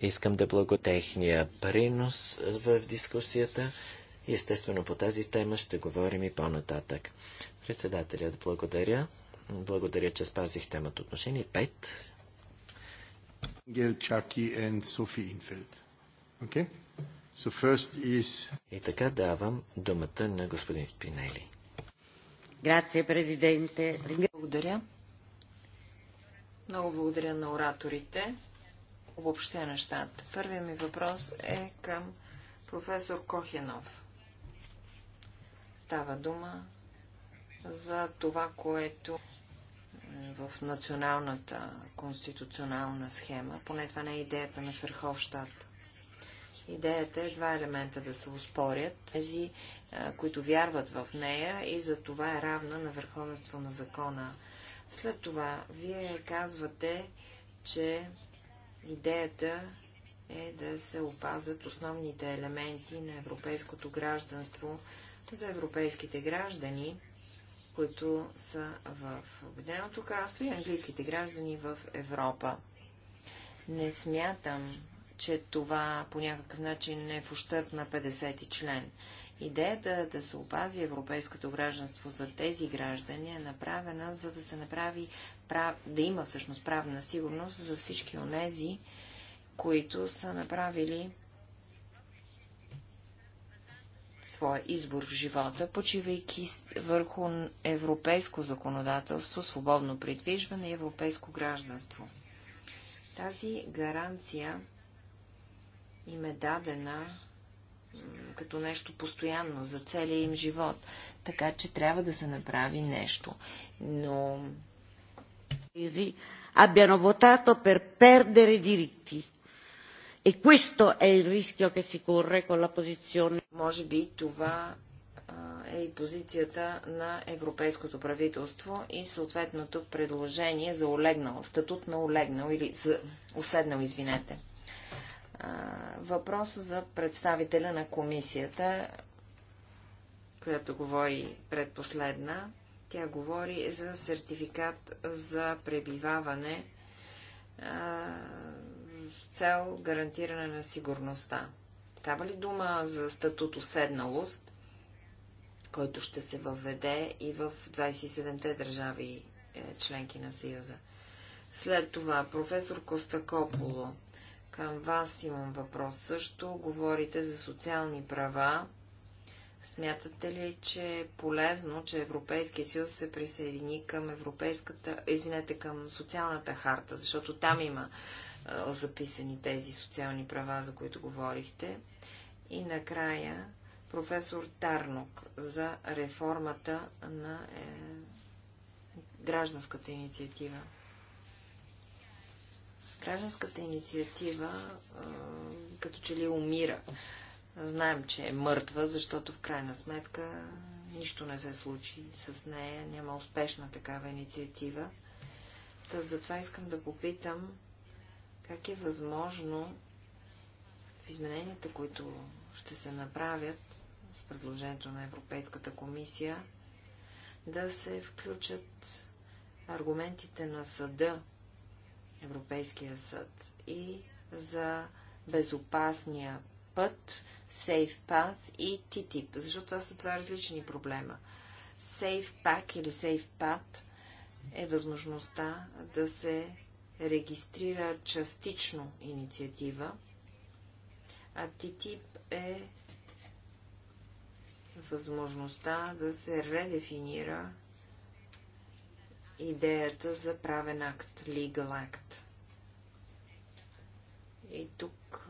Искам да благотехния принос в дискусията. Естествено, по тази тема ще говорим и по-нататък. Председателят, благодаря. Благодаря, че спазих темата отношение. Пет. Гел Чаки и Софи Инфелд. Окей? So first is... И така давам думата на господин Спинели. Грация, президенте. Благодаря. Много благодаря на ораторите. Обобщя нещата. Първият ми въпрос е към професор Кохенов. Става дума за това, което е в националната конституционална схема, поне това не е идеята на Ферховщата Идеята е два елемента да се успорят, тези, които вярват в нея и за това е равна на върховенство на закона. След това, вие казвате, че идеята е да се опазят основните елементи на европейското гражданство за европейските граждани, които са в Обединеното кралство и английските граждани в Европа. Не смятам, че това по някакъв начин е в ущърп на 50 член. Идеята е да се опази европейското гражданство за тези граждани е направена, за да се направи прав... да има всъщност правна сигурност за всички онези, които са направили своя избор в живота, почивайки върху европейско законодателство, свободно придвижване и европейско гражданство. Тази гаранция им е дадена като нещо постоянно за целия им живот. Така че трябва да се направи нещо. Но. Абяно votato per perdere diritti. E questo è il rischio che si corre con la posizione. Може би това е и позицията на Европейското правителство и съответното предложение за олегнал, статут на олегнал или за уседнал, извинете въпроса за представителя на комисията, която говори предпоследна. Тя говори за сертификат за пребиваване с цел гарантиране на сигурността. Става ли дума за статут уседналост, който ще се въведе и в 27-те държави е, членки на Съюза? След това професор Костакополо към вас имам въпрос също. Говорите за социални права. Смятате ли, че е полезно, че Европейския съюз се присъедини към Европейската, извинете, към социалната харта, защото там има а, записани тези социални права, за които говорихте. И накрая професор Тарнок за реформата на е, гражданската инициатива. Гражданската инициатива като че ли умира. Знаем, че е мъртва, защото в крайна сметка нищо не се случи с нея, няма успешна такава инициатива. Та затова искам да попитам как е възможно в измененията, които ще се направят с предложението на Европейската комисия, да се включат аргументите на съда Европейския съд и за безопасния път, Safe Path и TTIP, защото това са два различни проблема. Safe Pack или Safe Path е възможността да се регистрира частично инициатива, а TTIP е възможността да се редефинира идеята за правен акт, legal акт. И тук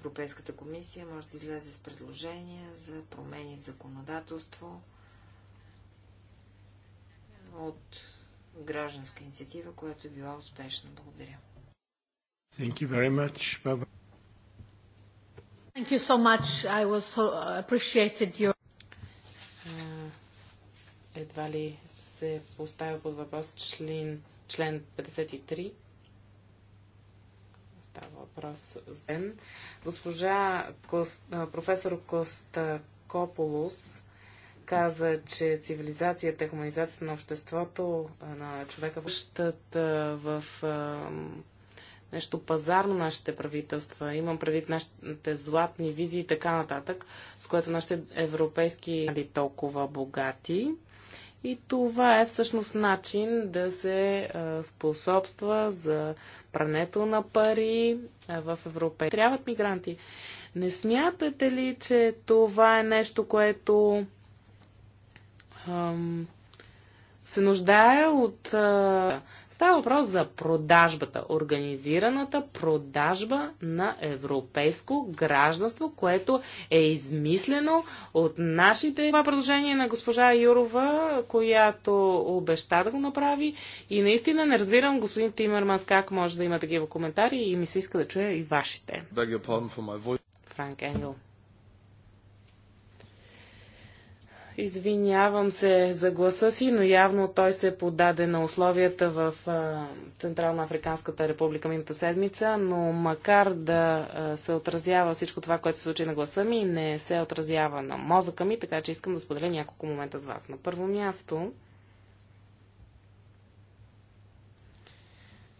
Европейската комисия може да излезе с предложения за промени в законодателство от гражданска инициатива, която е била успешна. Благодаря. Thank you very much, Baba. Thank you so much. I was so uh, appreciated your едва ли се поставя под въпрос член, член 53. Става въпрос за Госпожа Кост, професор Кополус каза, че цивилизацията, хуманизацията на обществото, на човека връщат в нещо пазарно нашите правителства, имам предвид нашите златни визии и така нататък, с което нашите европейски нали, толкова богати. И това е всъщност начин да се способства за прането на пари в Европа. Трябват мигранти. Не смятате ли, че това е нещо, което ам, се нуждае от а, Става въпрос за продажбата, организираната продажба на европейско гражданство, което е измислено от нашите. Това е предложение на госпожа Юрова, която обеща да го направи и наистина не разбирам господин Тимерманс как може да има такива коментари и ми се иска да чуя и вашите. Франк Енгел. Извинявам се за гласа си, но явно той се подаде на условията в Централна Африканската република мината седмица, но макар да се отразява всичко това, което се случи на гласа ми, не се отразява на мозъка ми, така че искам да споделя няколко момента с вас. На първо място,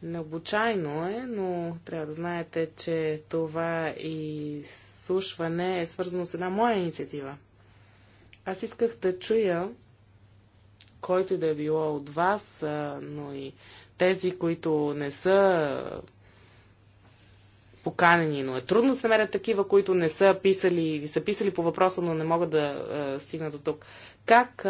необичайно е, но трябва да знаете, че това изслушване е свързано с една моя инициатива – аз исках да чуя, който и да е било от вас, но и тези, които не са поканени, но е трудно да се намерят такива, които не са писали и са писали по въпроса, но не могат да стигнат до тук. Как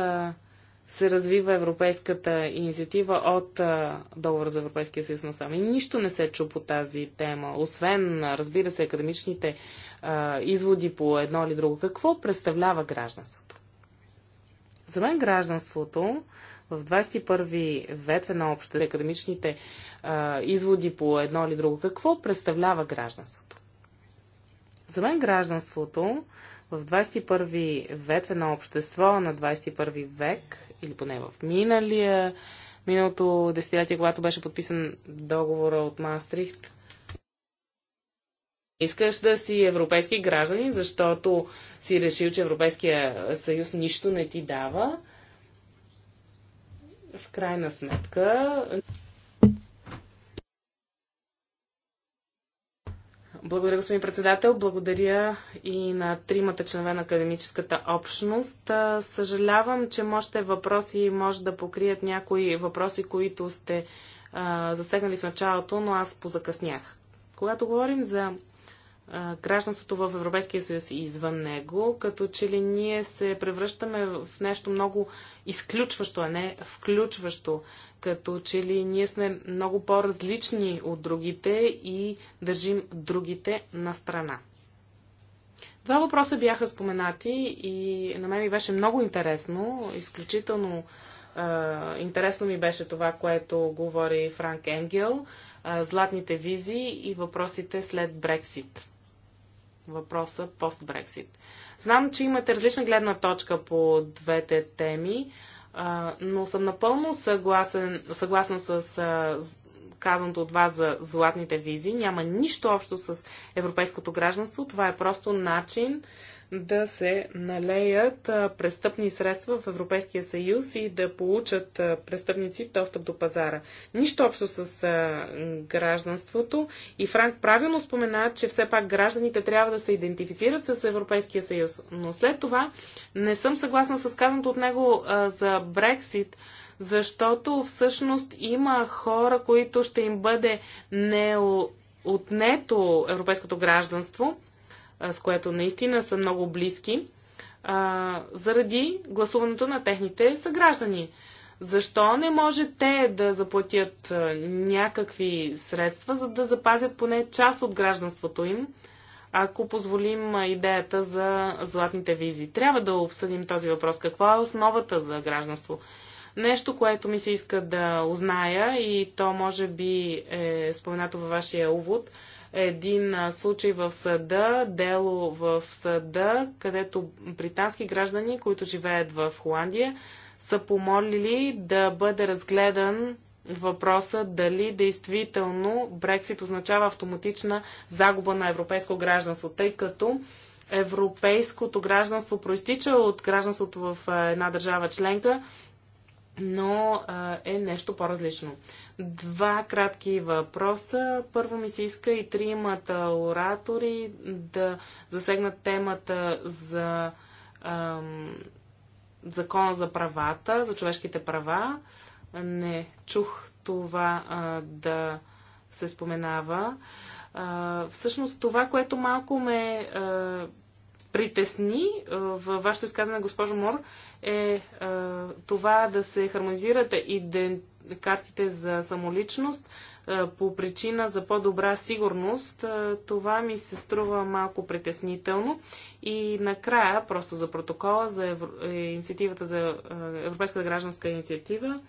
се развива европейската инициатива от а, за Европейския съюз на сами? Нищо не се чу по тази тема, освен, разбира се, академичните изводи по едно или друго. Какво представлява гражданството? За мен гражданството в 21 век в една обща академичните а, изводи по едно или друго, какво представлява гражданството? За мен гражданството в 21 век ветве на общество на 21 век, или поне в миналия, миналото десетилетие, когато беше подписан договора от Мастрихт, искаш да си европейски гражданин, защото си решил, че Европейския съюз нищо не ти дава, в крайна сметка. Благодаря, господин председател. Благодаря и на тримата членове на академическата общност. Съжалявам, че можете въпроси може да покрият някои въпроси, които сте а, засегнали в началото, но аз позакъснях. Когато говорим за гражданството в Европейския съюз и извън него, като че ли ние се превръщаме в нещо много изключващо, а не включващо, като че ли ние сме много по-различни от другите и държим другите на страна. Два въпроса бяха споменати и на мен ми беше много интересно, изключително е, интересно ми беше това, което говори Франк Енгел, е, златните визи и въпросите след Брексит въпроса пост-Брексит. Знам, че имате различна гледна точка по двете теми, но съм напълно съгласен, съгласна с казаното от вас за златните визи. Няма нищо общо с европейското гражданство. Това е просто начин да се налеят престъпни средства в Европейския съюз и да получат престъпници достъп до пазара. Нищо общо с гражданството. И Франк правилно спомена, че все пак гражданите трябва да се идентифицират с Европейския съюз. Но след това не съм съгласна с казаното от него за Брексит защото всъщност има хора, които ще им бъде неотнето европейското гражданство с което наистина са много близки, а, заради гласуването на техните съграждани. Защо не може те да заплатят някакви средства, за да запазят поне част от гражданството им, ако позволим идеята за златните визи? Трябва да обсъдим този въпрос. Каква е основата за гражданство? Нещо, което ми се иска да узная и то може би е споменато във вашия увод – един случай в съда, дело в съда, където британски граждани, които живеят в Холандия, са помолили да бъде разгледан въпроса дали действително Брексит означава автоматична загуба на европейско гражданство, тъй като европейското гражданство проистича от гражданството в една държава членка но а, е нещо по-различно. Два кратки въпроса. Първо ми се иска и тримата оратори да засегнат темата за ам, закона за правата, за човешките права. Не чух това а, да се споменава. А, всъщност това, което малко ме а, притесни във вашето изказване, госпожо Мор, е това да се хармонизират иден... картите за самоличност по причина за по-добра сигурност. Това ми се струва малко притеснително. И накрая, просто за протокола, за е, инициативата за Европейската гражданска инициатива,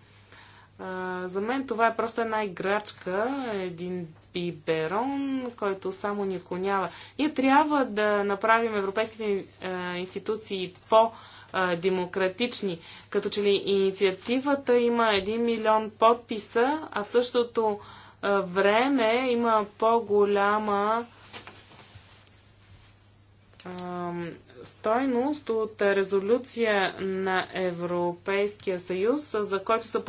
за мен това е просто една играчка, един биберон, който само ни отклонява. Ние трябва да направим европейските е, институции по- демократични. Като че ли инициативата има 1 милион подписа, а в същото е, време има по-голяма е, стойност от резолюция на Европейския съюз, за който са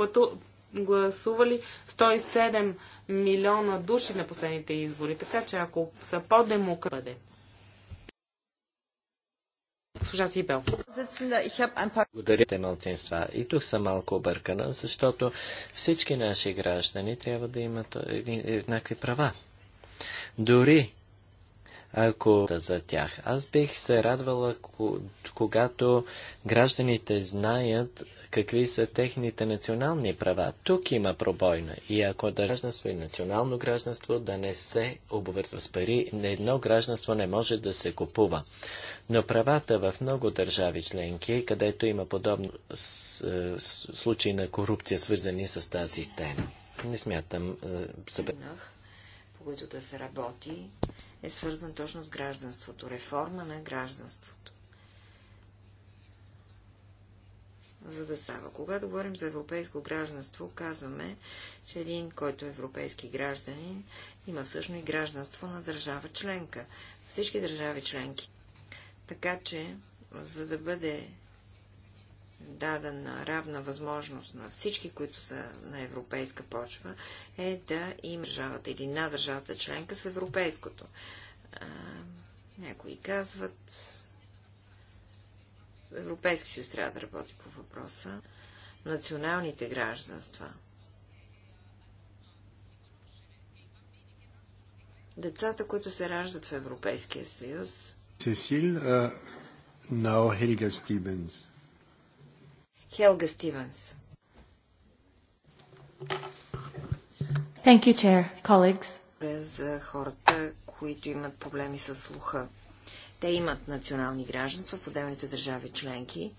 гласували 107 милиона души на последните избори. Така че ако са по-демократи, бъде. Служа Благодаря те малцинства. И тук съм малко объркана, защото всички наши граждани трябва да имат еднакви права. Дори ако за тях. Аз бих се радвала, когато гражданите знаят какви са техните национални права. Тук има пробойна и ако гражданство и национално гражданство да не се обвързва с пари, едно гражданство не може да се купува. Но правата в много държави членки, където има подобно случай е, случаи на корупция, свързани с тази тема. Не смятам е, за... да се работи е свързан точно с гражданството. Реформа на гражданството. За да става. Когато говорим за европейско гражданство, казваме, че един, който е европейски гражданин, има всъщност и гражданство на държава членка. Всички държави членки. Така че, за да бъде дадена равна възможност на всички, които са на европейска почва, е да има държавата или на държавата членка с европейското. А, някои казват, Европейски съюз трябва да работи по въпроса, националните гражданства. Децата, които се раждат в Европейския съюз. Сесил, uh, now Helga Stevens. Хелга Стивенс. Thank you, Chair. Colleagues. За хората, които имат проблеми с слуха. Те имат национални гражданства в отделните държави членки,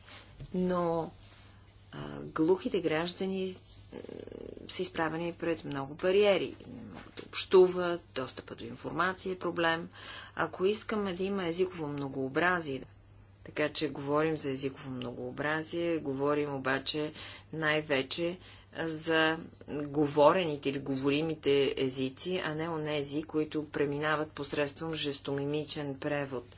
но а, глухите граждани е, са изправени пред много бариери. Не могат да общуват, достъпа до информация е проблем. Ако искаме да има езиково многообразие, така че говорим за езиково многообразие, говорим обаче най-вече за говорените или говоримите езици, а не онези, които преминават посредством жестомимичен превод.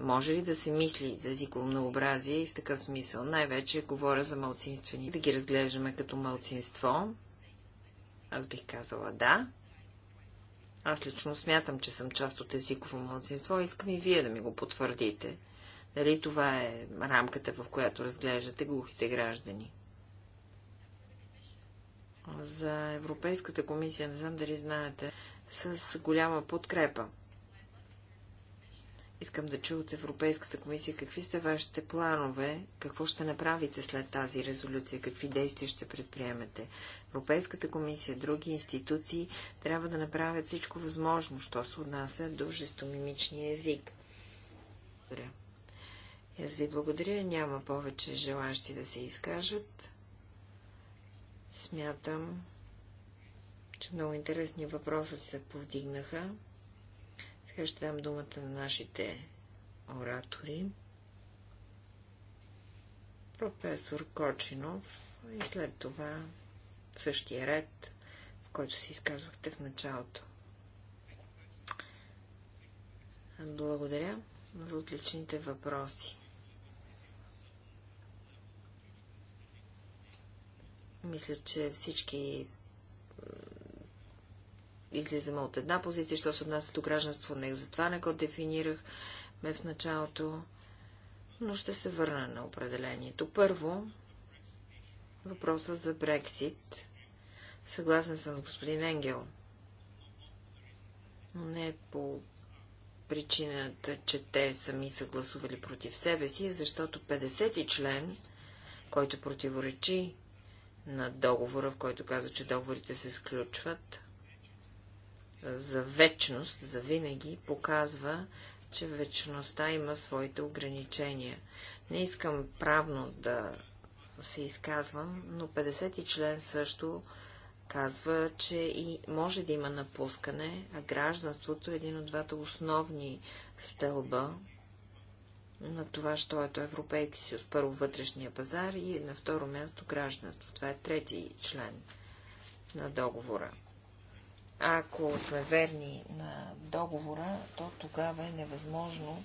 може ли да се мисли за езиково многообразие и в такъв смисъл? Най-вече говоря за малцинствени. Да ги разглеждаме като малцинство. Аз бих казала да. Аз лично смятам, че съм част от езиково малцинство. Искам и вие да ми го потвърдите. Нали това е рамката, в която разглеждате глухите граждани? За Европейската комисия, не знам дали знаете, с голяма подкрепа. Искам да чуя от Европейската комисия какви сте вашите планове, какво ще направите след тази резолюция, какви действия ще предприемете. Европейската комисия, други институции трябва да направят всичко възможно, що се отнася до жестомимичния език. Благодаря. Аз ви благодаря. Няма повече желащи да се изкажат. Смятам, че много интересни въпроси се повдигнаха. Сега ще дам думата на нашите оратори. Професор Кочинов и след това същия ред, в който се изказвахте в началото. Благодаря за отличните въпроси. Мисля, че всички излизаме от една позиция, що се отнася до гражданство, не затова не го дефинирах ме в началото, но ще се върна на определението. Първо, въпроса за Брексит. Съгласен съм с господин Енгел, но не е по причината, че те сами са гласували против себе си, защото 50 ти член, който противоречи на договора, в който каза, че договорите се сключват за вечност, за винаги, показва, че вечността има своите ограничения. Не искам правно да се изказвам, но 50 ти член също казва, че и може да има напускане, а гражданството е един от двата основни стълба на това, що ето си от Първо вътрешния пазар и на второ място гражданство. Това е трети член на договора. Ако сме верни на договора, то тогава е невъзможно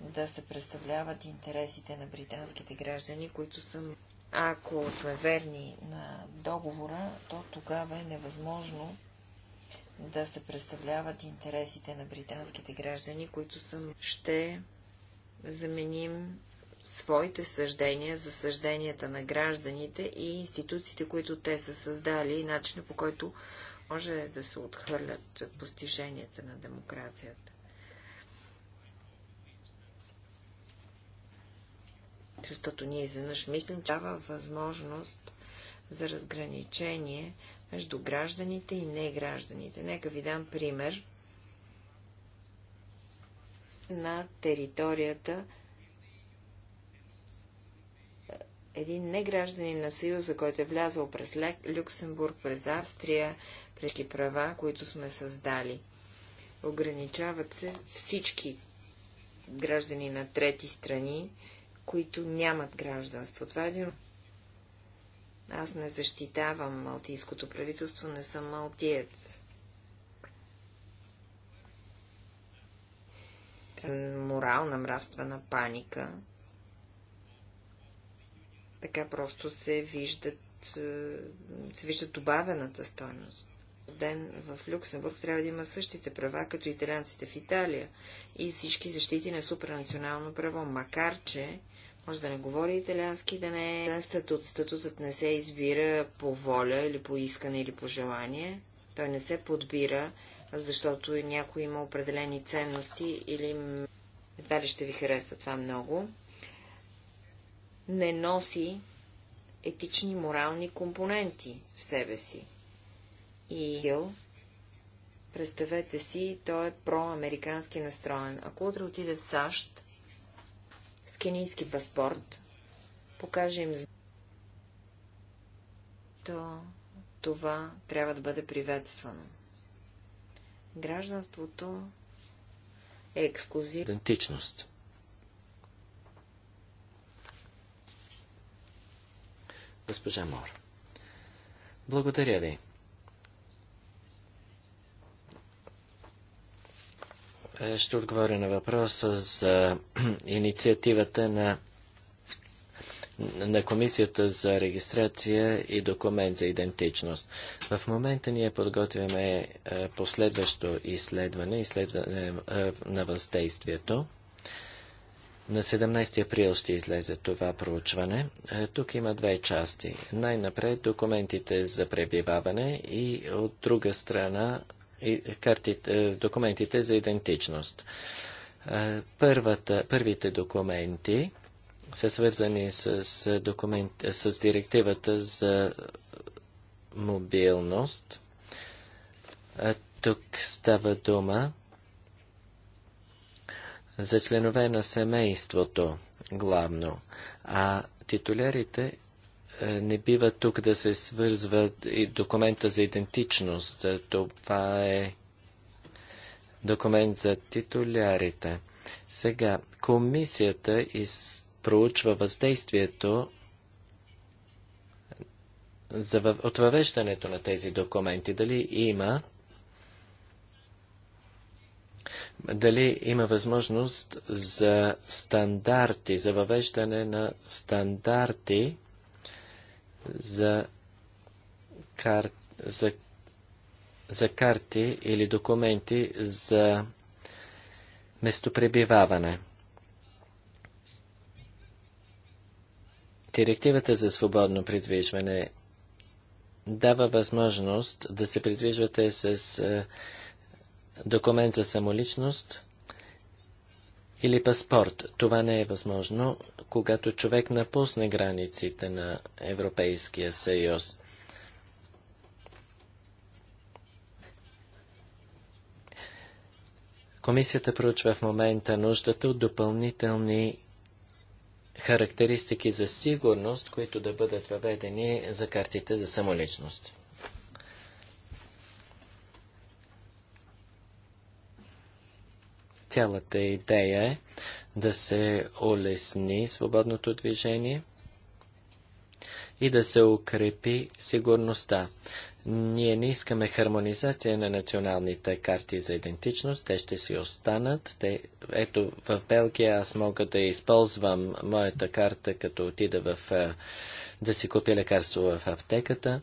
да се представляват интересите на британските граждани, които са... Ако сме верни на договора, то тогава е невъзможно да се представляват интересите на британските граждани, които са... Ще заменим своите съждения за съжденията на гражданите и институциите, които те са създали и начина по който може да се отхвърлят постиженията на демокрацията. Защото ние изведнъж мислим, че дава възможност за разграничение между гражданите и негражданите. Нека ви дам пример на територията един негражданин на Съюза, който е влязъл през Люксембург, през Австрия, през права, които сме създали. Ограничават се всички граждани на трети страни, които нямат гражданство. Това е един... Аз не защитавам малтийското правителство, не съм малтиец. Е, морална, мравствена паника. Така просто се виждат, е, се виждат добавената стойност. Ден в Люксембург трябва да има същите права, като италианците в Италия и всички защити на супранационално право, макар че може да не говори италиански, да не е статут. Статутът не се избира по воля или по искане или по желание. Той не се подбира защото и някой има определени ценности или едва ли ще ви хареса това много, не носи етични, морални компоненти в себе си. И представете си, той е проамерикански настроен. Ако утре отиде в САЩ с кенийски паспорт, покаже им то това трябва да бъде приветствано. Гражданството е ексклюзив. Идентичност. Госпожа Мор. Благодаря ви. Е, ще отговоря на въпроса за [clears throat] инициативата на на Комисията за регистрация и документ за идентичност. В момента ние подготвяме е, последващо изследване, изследване е, на въздействието. На 17 април ще излезе това проучване. Е, тук има две части. Най-напред документите за пребиваване и от друга страна картите, документите за идентичност. Първата, първите документи са свързани с, с, документ, с директивата за мобилност. А тук става дума за членове на семейството главно, а титулярите е, не бива тук да се свързва и документа за идентичност. Е, това е документ за титулярите. Сега, комисията из проучва въздействието за, във... от въвеждането на тези документи. Дали има дали има възможност за стандарти, за въвеждане на стандарти за, кар... за... за карти или документи за местопребиваване. Директивата за свободно придвижване дава възможност да се придвижвате с е, документ за самоличност или паспорт. Това не е възможно, когато човек напусне границите на Европейския съюз. Комисията проучва в момента нуждата от допълнителни характеристики за сигурност, които да бъдат въведени за картите за самоличност. Цялата идея е да се улесни свободното движение и да се укрепи сигурността. Ние не искаме хармонизация на националните карти за идентичност. Те ще си останат. Те... Ето, в Белгия аз мога да използвам моята карта, като отида в, да си купя лекарство в аптеката.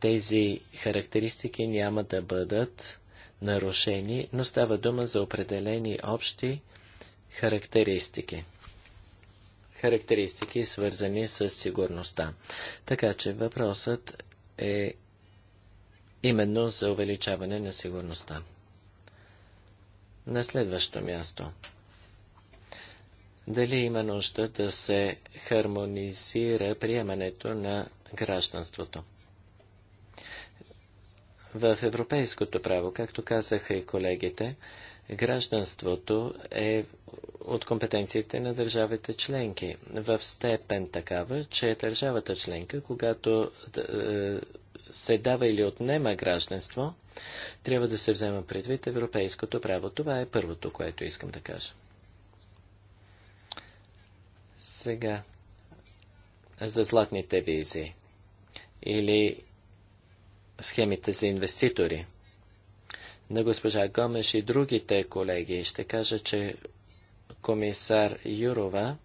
Тези характеристики няма да бъдат нарушени, но става дума за определени общи характеристики. Характеристики, свързани с сигурността. Така че въпросът е именно за увеличаване на сигурността. На следващо място. Дали има нужда да се хармонизира приемането на гражданството? В европейското право, както казаха и колегите, гражданството е от компетенциите на държавите членки в степен такава, че държавата членка, когато е, се дава или отнема гражданство, трябва да се взема предвид европейското право. Това е първото, което искам да кажа. Сега, за златните визи или схемите за инвеститори. На госпожа Гомеш и другите колеги ще кажа, че комисар Юрова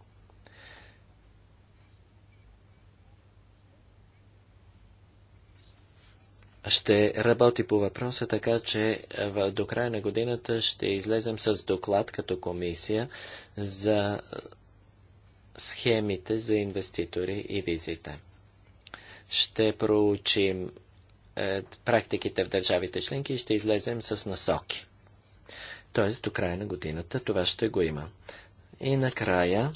ще работи по въпроса, така че е, до края на годината ще излезем с доклад като комисия за е, схемите за инвеститори и визите. Ще проучим е, практиките в държавите членки и ще излезем с насоки. Тоест до края на годината това ще го има. И накрая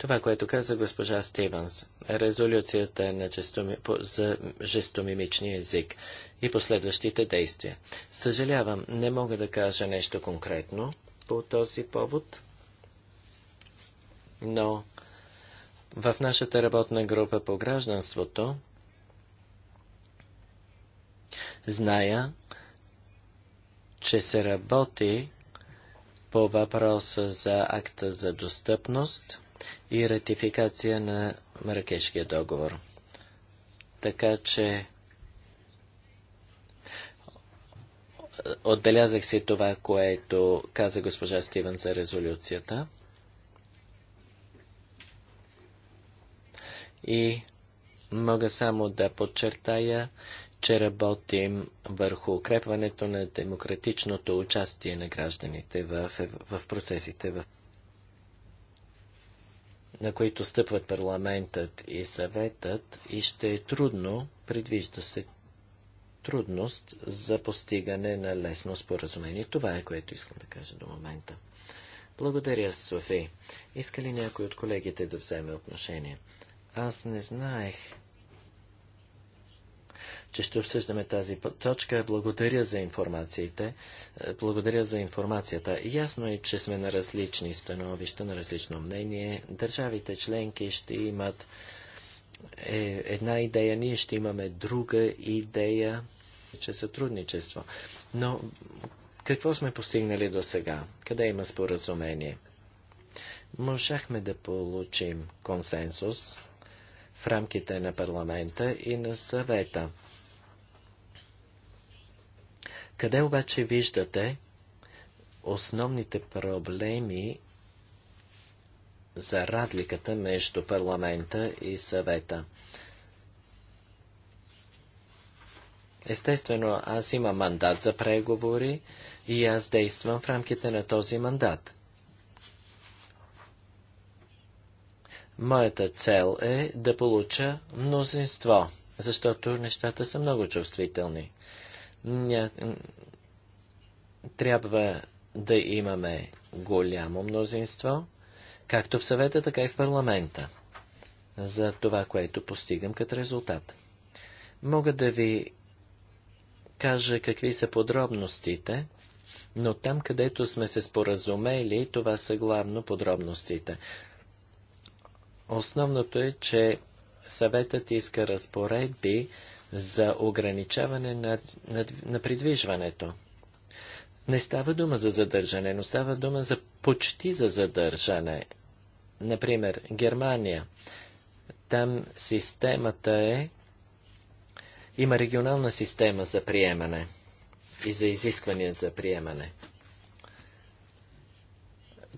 Това, което каза госпожа Стивенс, резолюцията на жестоми, по, за жестомимичния език и последващите действия. Съжалявам, не мога да кажа нещо конкретно по този повод, но в нашата работна група по гражданството зная, че се работи по въпроса за акта за достъпност – и ратификация на Маракешкия договор. Така че отбелязах си това, което каза госпожа Стивен за резолюцията. И мога само да подчертая, че работим върху укрепването на демократичното участие на гражданите в, в процесите в на които стъпват парламентът и съветът и ще е трудно, предвижда се трудност за постигане на лесно споразумение. Това е което искам да кажа до момента. Благодаря, Софи. Иска ли някой от колегите да вземе отношение? Аз не знаех че ще обсъждаме тази точка. Благодаря за информациите. Е, благодаря за информацията. Ясно е, че сме на различни становища, на различно мнение. Държавите членки ще имат е, една идея, ние ще имаме друга идея, че сътрудничество. Но какво сме постигнали до сега? Къде има споразумение? Можахме да получим консенсус в рамките на парламента и на съвета. Къде обаче виждате основните проблеми за разликата между парламента и съвета? Естествено, аз имам мандат за преговори и аз действам в рамките на този мандат. Моята цел е да получа мнозинство, защото нещата са много чувствителни ня... трябва да имаме голямо мнозинство, както в съвета, така и в парламента, за това, което постигам като резултат. Мога да ви кажа какви са подробностите, но там, където сме се споразумели, това са главно подробностите. Основното е, че съветът иска разпоредби за ограничаване на, на, на придвижването. Не става дума за задържане, но става дума за почти за задържане. Например, Германия. Там системата е. Има регионална система за приемане и за изисквания за приемане.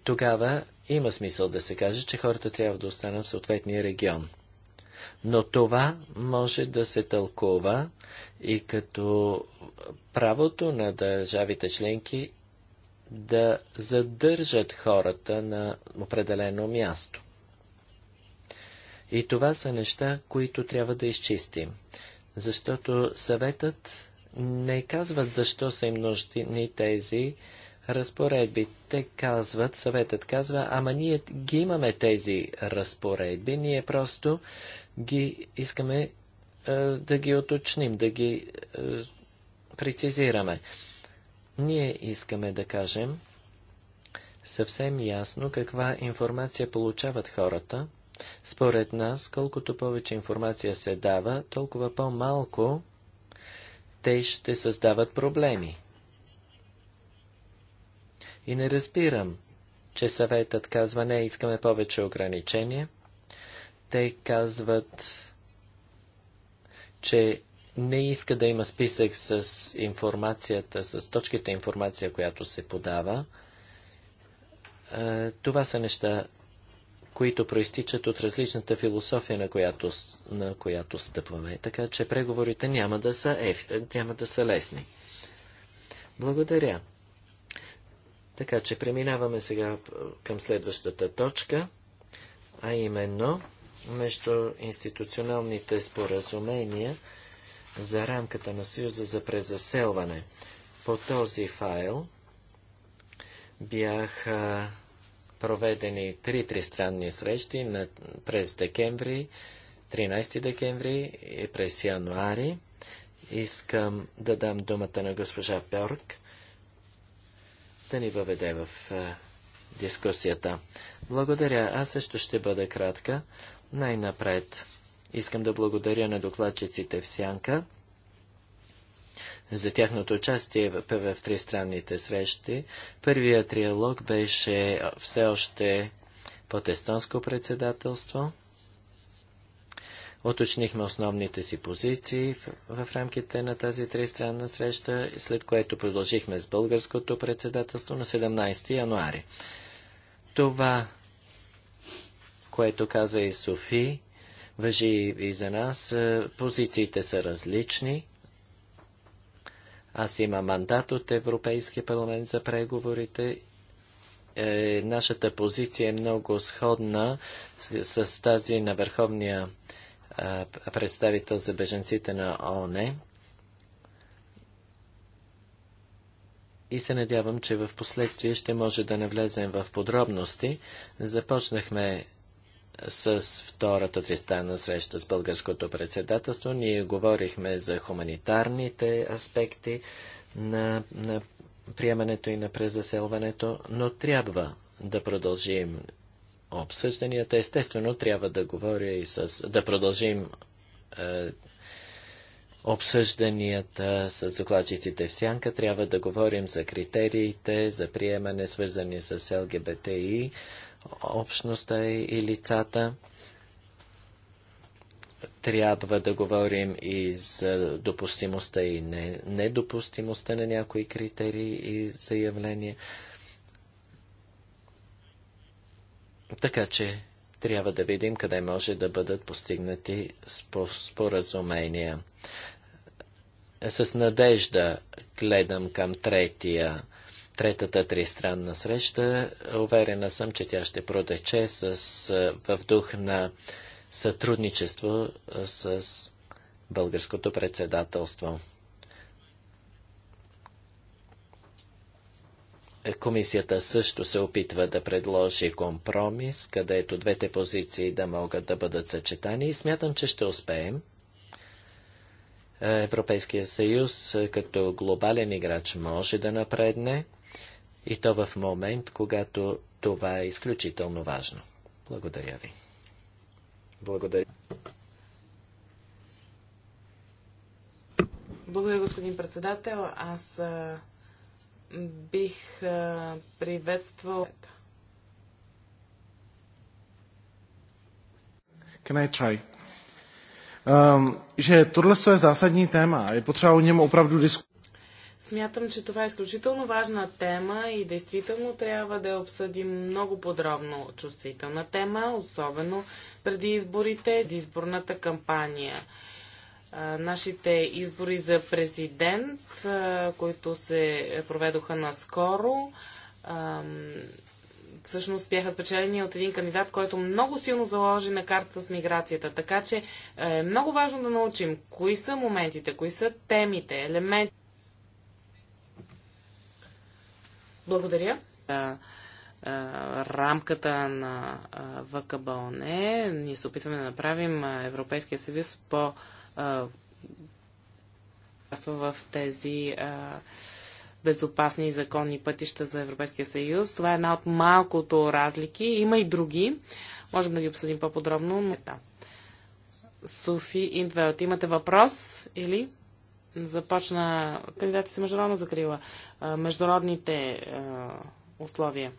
Тогава има смисъл да се каже, че хората трябва да останат в съответния регион. Но това може да се тълкува и като правото на държавите членки да задържат хората на определено място. И това са неща, които трябва да изчистим, защото съветът не казват защо са им нужни тези Разпоредби. Те казват, съветът казва, ама ние ги имаме тези разпоредби, ние просто ги искаме е, да ги оточним, да ги е, прецизираме. Ние искаме да кажем съвсем ясно каква информация получават хората. Според нас, колкото повече информация се дава, толкова по-малко те ще създават проблеми. И не разбирам, че съветът казва не, искаме повече ограничения. Те казват, че не иска да има списък с информацията, с точките информация, която се подава. Това са неща, които проистичат от различната философия, на която, на която стъпваме. Така че преговорите няма да са, еф, няма да са лесни. Благодаря. Така че преминаваме сега към следващата точка, а именно между институционалните споразумения за рамката на Съюза за презаселване. По този файл бяха проведени три тристранни срещи през декември, 13 декември и през януари. Искам да дам думата на госпожа Пьорк да ни въведе в дискусията. Благодаря. Аз също ще бъда кратка. Най-напред искам да благодаря на докладчиците в Сянка за тяхното участие в, в тристранните срещи. Първият триалог беше все още под естонско председателство. Оточнихме основните си позиции в, в рамките на тази тристранна среща, след което продължихме с българското председателство на 17 януари. Това, което каза и Софи, въжи и за нас. Позициите са различни. Аз имам мандат от Европейския парламент за преговорите. Е, нашата позиция е много сходна с, с тази на Върховния представител за беженците на ООН. И се надявам, че в последствие ще може да навлезем в подробности. Започнахме с втората тристана среща с българското председателство. Ние говорихме за хуманитарните аспекти на, на приемането и на презаселването, но трябва да продължим обсъжданията. Естествено, трябва да говоря и с... да продължим е, обсъжданията с докладчиците в Сянка. Трябва да говорим за критериите за приемане, свързани с ЛГБТИ, общността и лицата. Трябва да говорим и за допустимостта и недопустимостта на някои критерии и заявления. Така че трябва да видим къде може да бъдат постигнати споразумения. С надежда гледам към третия, третата тристранна среща. Уверена съм, че тя ще протече в дух на сътрудничество с българското председателство. Комисията също се опитва да предложи компромис, където двете позиции да могат да бъдат съчетани и смятам, че ще успеем. Европейския съюз като глобален играч може да напредне и то в момент, когато това е изключително важно. Благодаря ви. Благодаря. Благодаря, господин председател. Аз бих а, приветствал. Can I try? Um, že tohle je zásadní téma. Je potřeba o něm opravdu diskutovat. Смятам, че това е изключително важна тема и действително трябва да обсъдим много подробно чувствителна тема, особено преди изборите, изборната кампания нашите избори за президент, които се проведоха наскоро, всъщност бяха спечелени от един кандидат, който много силно заложи на картата с миграцията. Така че е много важно да научим кои са моментите, кои са темите, елементи. Благодаря. рамката на ВКБОНЕ. Ние се опитваме да направим Европейския съюз по- в тези а, безопасни и законни пътища за Европейския съюз. Това е една от малкото разлики. Има и други. Можем да ги обсъдим по-подробно. Да. Софи Индвелт, имате въпрос или започна кандидата си международна закрила, а, международните а, условия?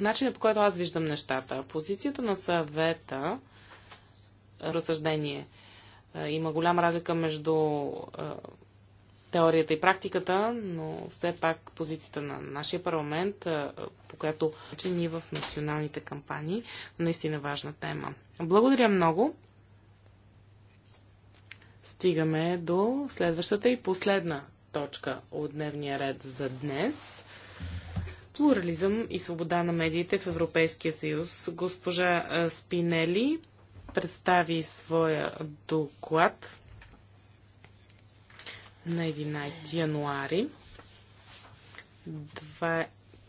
Начинът по който аз виждам нещата. Позицията на съвета, разсъждение – е, има голяма разлика между е, теорията и практиката, но все пак позицията на нашия парламент, е, по която че ни в националните кампании, наистина важна тема. Благодаря много. Стигаме до следващата и последна точка от дневния ред за днес. Плурализъм и свобода на медиите в Европейския съюз. Госпожа Спинели представи своя доклад на 11 януари.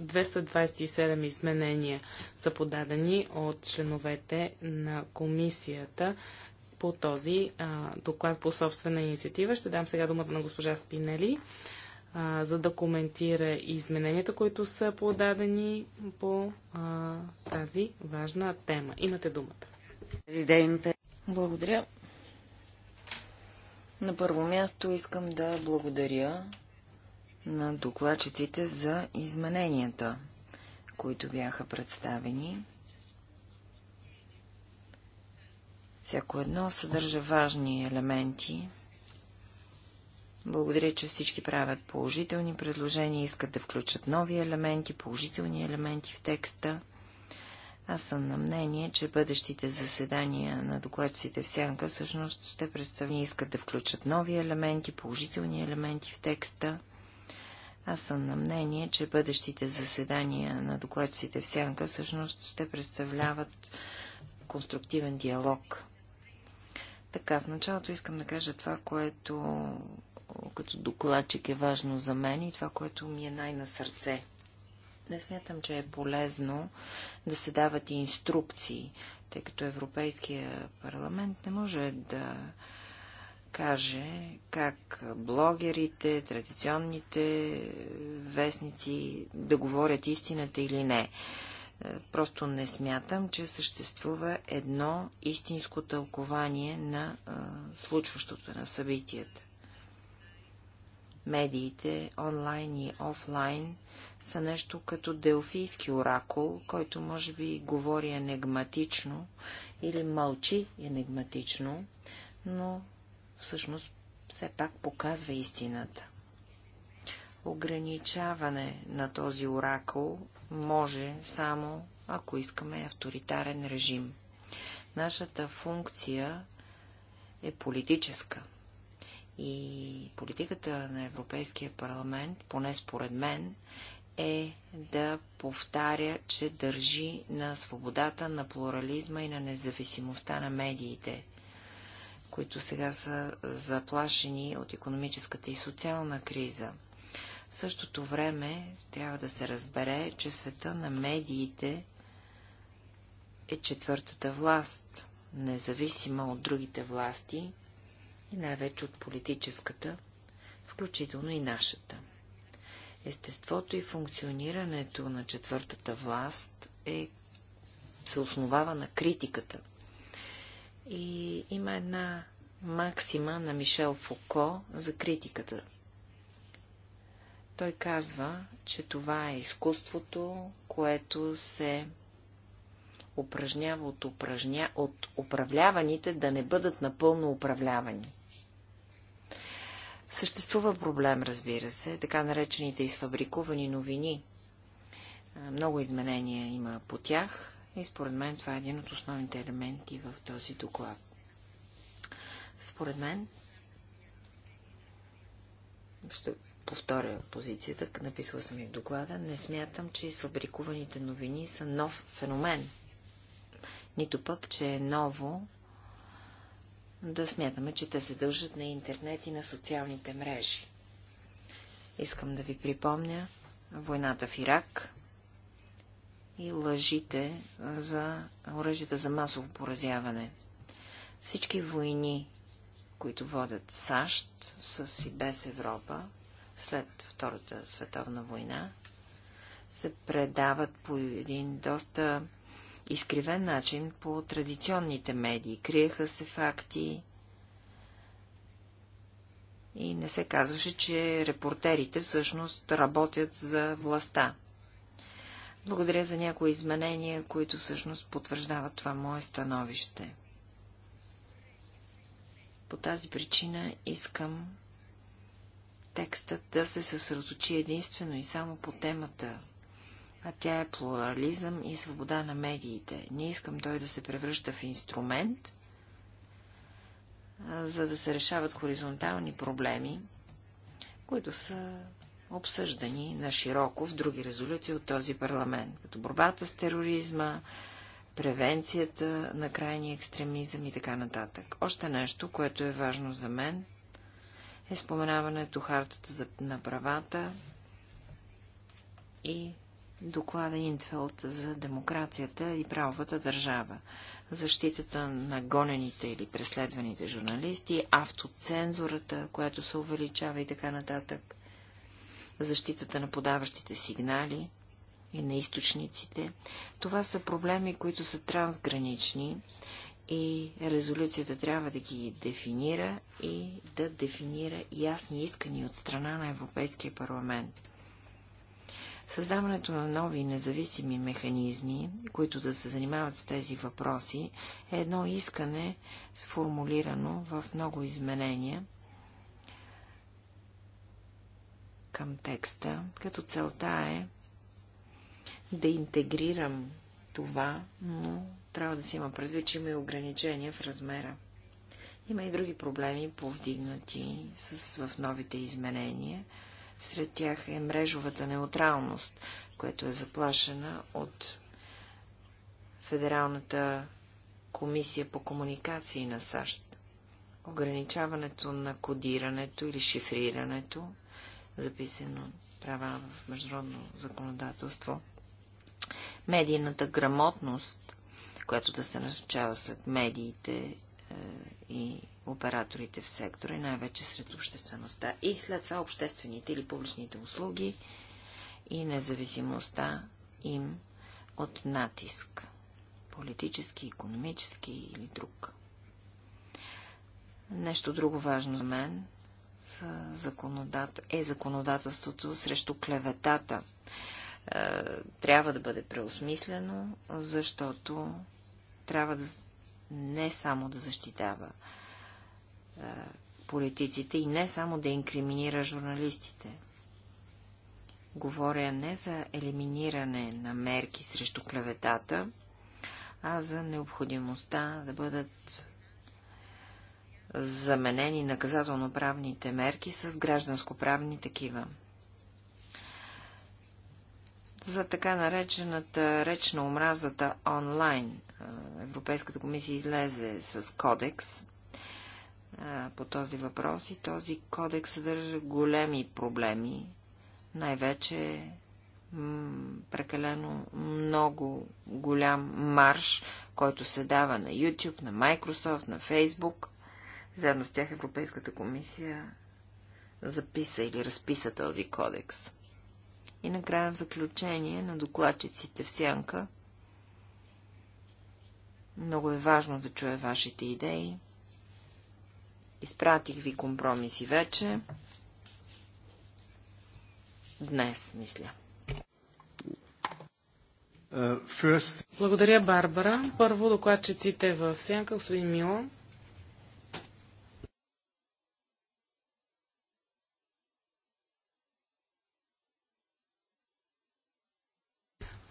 227 изменения са подадени от членовете на комисията по този а, доклад по собствена инициатива. Ще дам сега думата на госпожа Спинели, а, за да коментира измененията, които са подадени по а, тази важна тема. Имате думата. Благодаря. На първо място искам да благодаря на докладчиците за измененията, които бяха представени. Всяко едно съдържа важни елементи. Благодаря, че всички правят положителни предложения, искат да включат нови елементи, положителни елементи в текста – аз съм на мнение, че бъдещите заседания на докладците в Сянка всъщност ще представни, искат да включат нови елементи, положителни елементи в текста. Аз съм на мнение, че бъдещите заседания на докладците в Сянка всъщност ще представляват конструктивен диалог. Така, в началото искам да кажа това, което като докладчик е важно за мен и това, което ми е най-на сърце. Не смятам, че е полезно да се дават и инструкции, тъй като Европейския парламент не може да каже как блогерите, традиционните вестници да говорят истината или не. Е, просто не смятам, че съществува едно истинско тълкование на а, случващото на събитията. Медиите, онлайн и офлайн, са нещо като делфийски оракул, който може би говори енегматично или мълчи енегматично, но всъщност все пак показва истината. Ограничаване на този оракул може само ако искаме авторитарен режим. Нашата функция е политическа. И политиката на Европейския парламент, поне според мен, е да повтаря, че държи на свободата, на плурализма и на независимостта на медиите, които сега са заплашени от економическата и социална криза. В същото време трябва да се разбере, че света на медиите е четвъртата власт, независима от другите власти и най-вече от политическата, включително и нашата. Естеството и функционирането на четвъртата власт е, се основава на критиката. И има една максима на Мишел Фуко за критиката. Той казва, че това е изкуството, което се упражнява от, упражня... от управляваните да не бъдат напълно управлявани. Съществува проблем, разбира се, така наречените изфабрикувани новини. Много изменения има по тях и според мен това е един от основните елементи в този доклад. Според мен, ще повторя позицията, написала съм и в доклада, не смятам, че изфабрикуваните новини са нов феномен. Нито пък, че е ново да смятаме, че те се дължат на интернет и на социалните мрежи. Искам да ви припомня войната в Ирак и лъжите за оръжията за масово поразяване. Всички войни, които водят САЩ с и без Европа след Втората световна война, се предават по един доста изкривен начин по традиционните медии. Криеха се факти и не се казваше, че репортерите всъщност работят за властта. Благодаря за някои изменения, които всъщност потвърждават това мое становище. По тази причина искам текстът да се съсредоточи единствено и само по темата а тя е плурализъм и свобода на медиите. Не искам той да се превръща в инструмент, за да се решават хоризонтални проблеми, които са обсъждани на широко в други резолюции от този парламент, като борбата с тероризма, превенцията на крайния екстремизъм и така нататък. Още нещо, което е важно за мен, е споменаването хартата на правата и доклада Интфелд за демокрацията и правовата държава, защитата на гонените или преследваните журналисти, автоцензурата, която се увеличава и така нататък, защитата на подаващите сигнали и на източниците. Това са проблеми, които са трансгранични и резолюцията трябва да ги дефинира и да дефинира ясни искания от страна на Европейския парламент. Създаването на нови независими механизми, които да се занимават с тези въпроси, е едно искане, сформулирано в много изменения към текста, като целта е да интегрирам това, но трябва да си има предвид, че има и ограничения в размера. Има и други проблеми, повдигнати с, в новите изменения – сред тях е мрежовата неутралност, която е заплашена от Федералната комисия по комуникации на САЩ. Ограничаването на кодирането или шифрирането, записано права в международно законодателство, медийната грамотност, която да се назначава след медиите е, и операторите в сектора и най-вече сред обществеността. И след това обществените или публичните услуги и независимостта им от натиск. Политически, економически или друг. Нещо друго важно за мен е законодателството срещу клеветата. Е, трябва да бъде преосмислено, защото трябва да не само да защитава е, политиците и не само да инкриминира журналистите. Говоря не за елиминиране на мерки срещу клеветата, а за необходимостта да бъдат заменени наказателно-правните мерки с гражданско-правни такива. За така наречената реч на омразата онлайн е, Европейската комисия излезе с кодекс, по този въпрос и този кодекс съдържа големи проблеми, най-вече прекалено много голям марш, който се дава на YouTube, на Microsoft, на Facebook. Заедно с тях Европейската комисия записа или разписа този кодекс. И накрая в заключение на докладчиците в Сянка. Много е важно да чуя вашите идеи. Изпратих ви компромиси вече. Днес, мисля. Uh, first... Благодаря, Барбара. Първо докладчиците в сянка, господин Мило.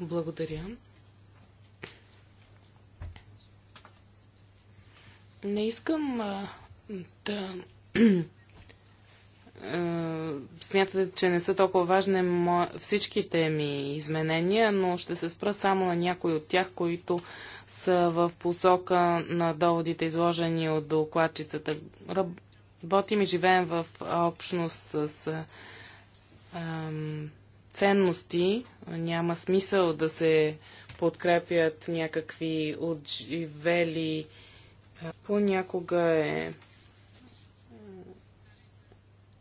Благодаря. Не искам а, да е, смятате, че не са толкова важни всичките ми изменения, но ще се спра само на някои от тях, които са в посока на доводите, изложени от докладчицата. Работим и живеем в общност с е, ам, ценности. Няма смисъл да се подкрепят някакви отживели. Понякога е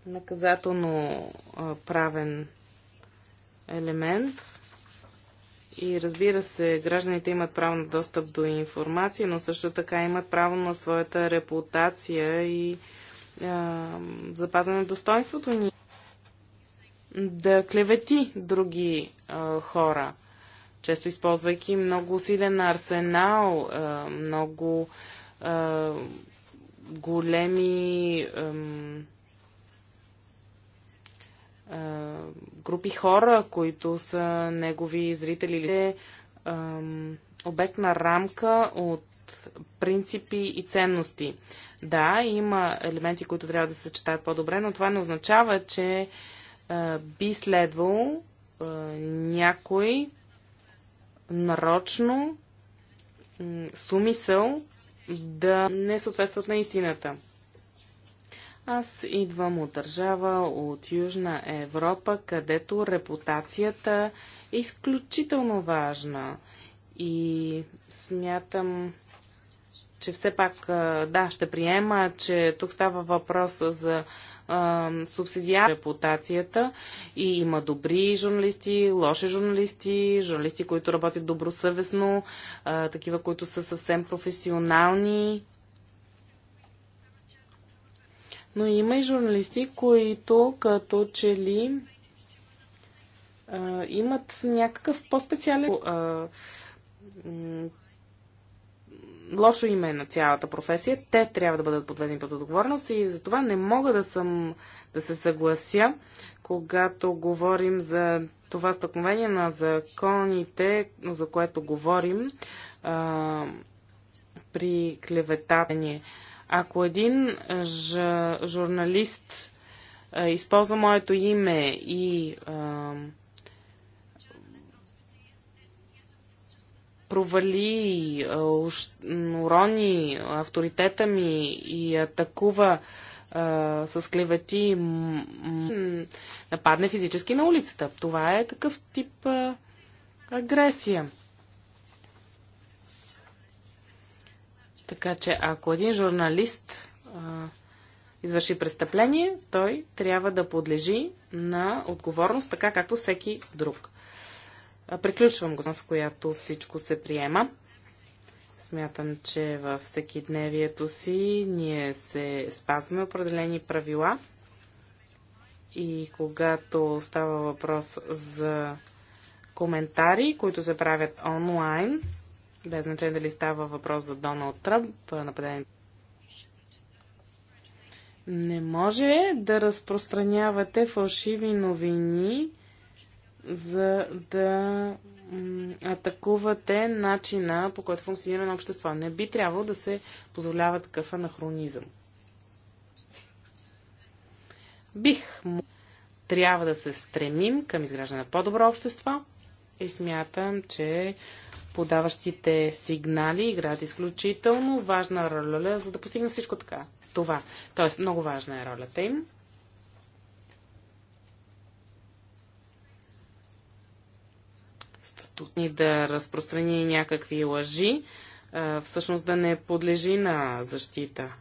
наказателно правен елемент. И разбира се, гражданите имат право на достъп до информация, но също така имат право на своята репутация и е, запазване на достоинството ни. Да клевети други е, хора, често използвайки много силен арсенал, е, много е, големи. Е, групи хора, които са негови зрители или обект на рамка от принципи и ценности. Да, има елементи, които трябва да се съчетаят по-добре, но това не означава, че би следвало някой нарочно сумисъл да не съответстват на истината. Аз идвам от държава от Южна Европа, където репутацията е изключително важна. И смятам, че все пак, да, ще приема, че тук става въпрос за субсидиар репутацията и има добри журналисти, лоши журналисти, журналисти, които работят добросъвестно, такива, които са съвсем професионални но има и журналисти, които като че ли а, имат някакъв по-специален лошо име на цялата професия. Те трябва да бъдат подведени под отговорност и затова не мога да съм да се съглася, когато говорим за това стъкновение на законите, за което говорим а, при клеветата. Ако един е, ж, журналист а, е, използва моето име и а, е, провали, урони авторитета ми и атакува а, с клевети, нападне физически на улицата. Това е такъв тип а, агресия. Така че ако един журналист а, извърши престъпление, той трябва да подлежи на отговорност, така както всеки друг. А, приключвам го, в която всичко се приема. Смятам, че във всеки дневието си ние се спазваме определени правила и когато става въпрос за коментари, които се правят онлайн, без значение дали става въпрос за Доналд Тръмп, е нападение. Не може да разпространявате фалшиви новини, за да атакувате начина по който функционира на общество. Не би трябвало да се позволява такъв анахронизъм. Бих му... Трябва да се стремим към изграждане на по-добро общество и смятам, че подаващите сигнали играят изключително важна роля, за да постигнем всичко така. Това. Тоест, много важна е ролята им. и да разпространи някакви лъжи, всъщност да не подлежи на защита.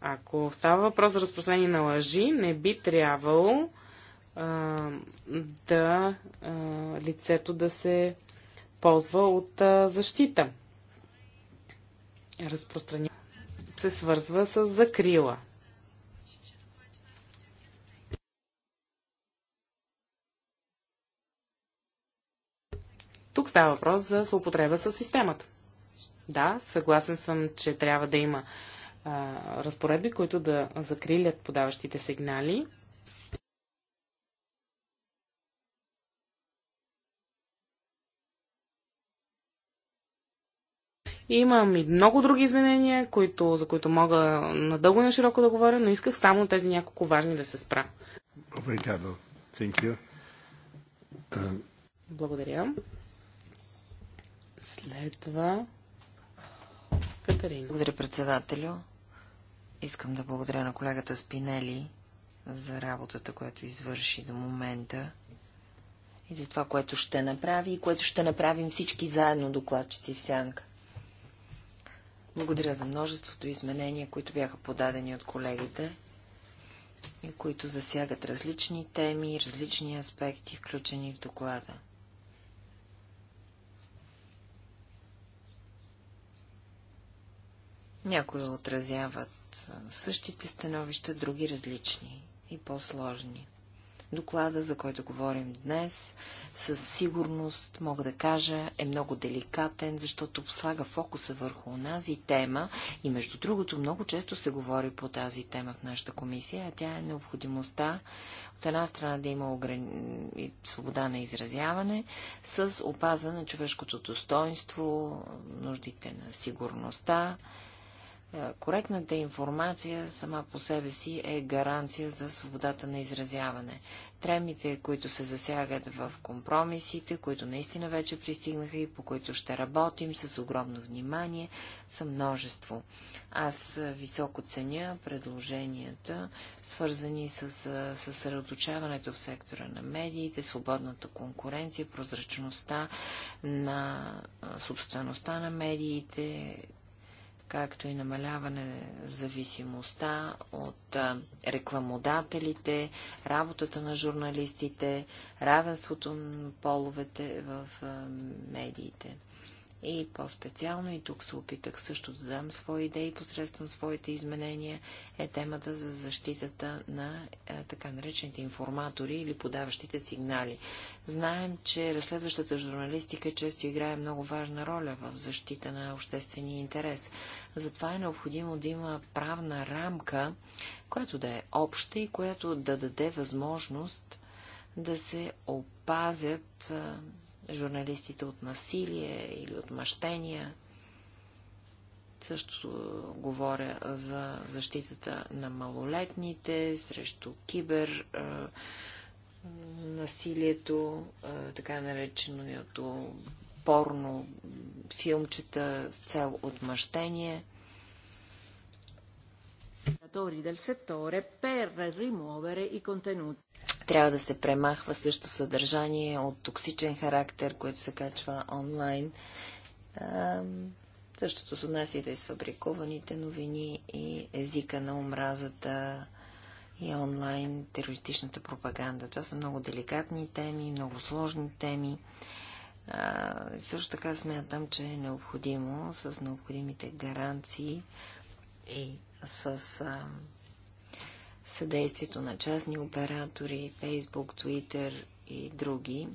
Ако става въпрос за разпространение на лъжи, не би трябвало а, да а, лицето да се възползва от а, защита. Разпространя се свързва с закрила. Тук става въпрос за злоупотреба с системата. Да, съгласен съм, че трябва да има а, разпоредби, които да закрилят подаващите сигнали, Имам и много други изменения, които, за които мога надълго и на широко да говоря, но исках само тези няколко важни да се спра. Uh, благодаря. Следва Катерина. Благодаря, председателю. Искам да благодаря на колегата Спинели за работата, която извърши до момента и за това, което ще направи и което ще направим всички заедно докладчици в сянка. Благодаря за множеството изменения, които бяха подадени от колегите и които засягат различни теми и различни аспекти, включени в доклада. Някои отразяват същите становища, други различни и по-сложни. Доклада, за който говорим днес, със сигурност мога да кажа е много деликатен, защото слага фокуса върху онази тема и между другото много често се говори по тази тема в нашата комисия, а тя е необходимостта от една страна да има ограни... свобода на изразяване, с опазване на човешкото достоинство, нуждите на сигурността, е, коректната информация сама по себе си е гаранция за свободата на изразяване. Тремите, които се засягат в компромисите, които наистина вече пристигнаха и по които ще работим с огромно внимание, са множество. Аз е, високо ценя предложенията, свързани е, с съсредоточаването в сектора на медиите, свободната конкуренция, прозрачността на собствеността на медиите, както и намаляване зависимостта от рекламодателите, работата на журналистите, равенството на половете в медиите и по-специално, и тук се опитах също да дам свои идеи посредством своите изменения, е темата за защитата на е, така наречените информатори или подаващите сигнали. Знаем, че разследващата журналистика често играе много важна роля в защита на обществения интерес. Затова е необходимо да има правна рамка, която да е обща и която да даде възможност да се опазят е, журналистите от насилие или от мъщения. Също говоря за защитата на малолетните срещу кибер насилието, така нареченото порно филмчета с цел отмъщение operatori settore per rimuovere i contenuti. Трябва да се премахва също съдържание от токсичен характер, което се качва онлайн. същото се отнася и до изфабрикованите новини и езика на омразата и онлайн терористичната пропаганда. Това са много деликатни теми, много сложни теми. А, също така смятам, че е необходимо с необходимите гаранции и с а, съдействието на частни оператори, Facebook, Twitter и други.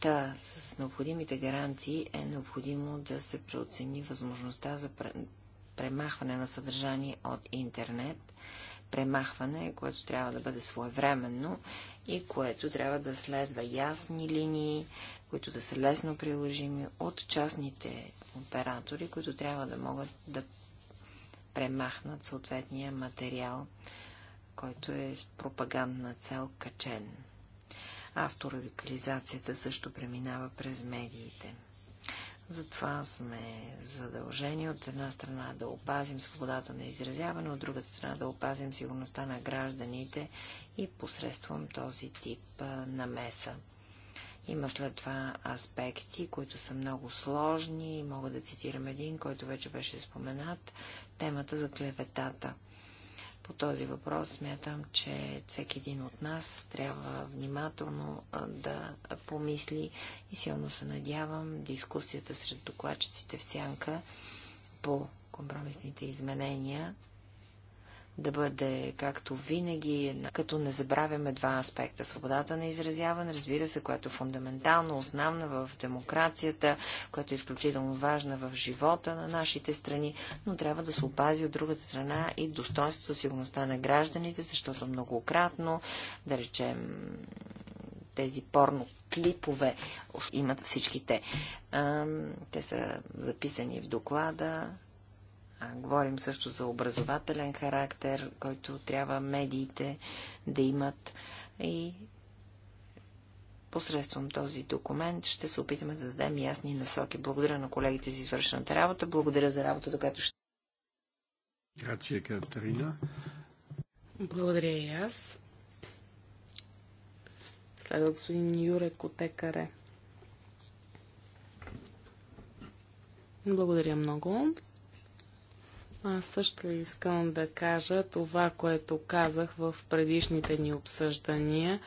Та, с необходимите гаранции е необходимо да се преоцени възможността за премахване на съдържание от интернет. Премахване, което трябва да бъде своевременно и което трябва да следва ясни линии, които да са лесно приложими от частните оператори, които трябва да могат да премахнат съответния материал, който е с пропагандна цел качен. Авторадикализацията също преминава през медиите. Затова сме задължени от една страна да опазим свободата на изразяване, от другата страна да опазим сигурността на гражданите и посредством този тип намеса. Има след това аспекти, които са много сложни. Мога да цитирам един, който вече беше споменат. Темата за клеветата. По този въпрос смятам, че всеки един от нас трябва внимателно да помисли и силно се надявам дискусията сред докладчиците в сянка по компромисните изменения да бъде, както винаги, като не забравяме два аспекта. Свободата на изразяване, разбира се, която е фундаментално основна в демокрацията, която е изключително важна в живота на нашите страни, но трябва да се опази от другата страна и достоинството, сигурността на гражданите, защото многократно, да речем, тези порно клипове имат всичките. те са записани в доклада, говорим също за образователен характер, който трябва медиите да имат и посредством този документ ще се опитаме да дадем ясни насоки. Благодаря на колегите за извършената работа, благодаря за работата, която ще... Грация, Катерина. Благодаря и аз. Следва господин Юрек от Екаре. Благодаря много. Аз също искам да кажа това, което казах в предишните ни обсъждания.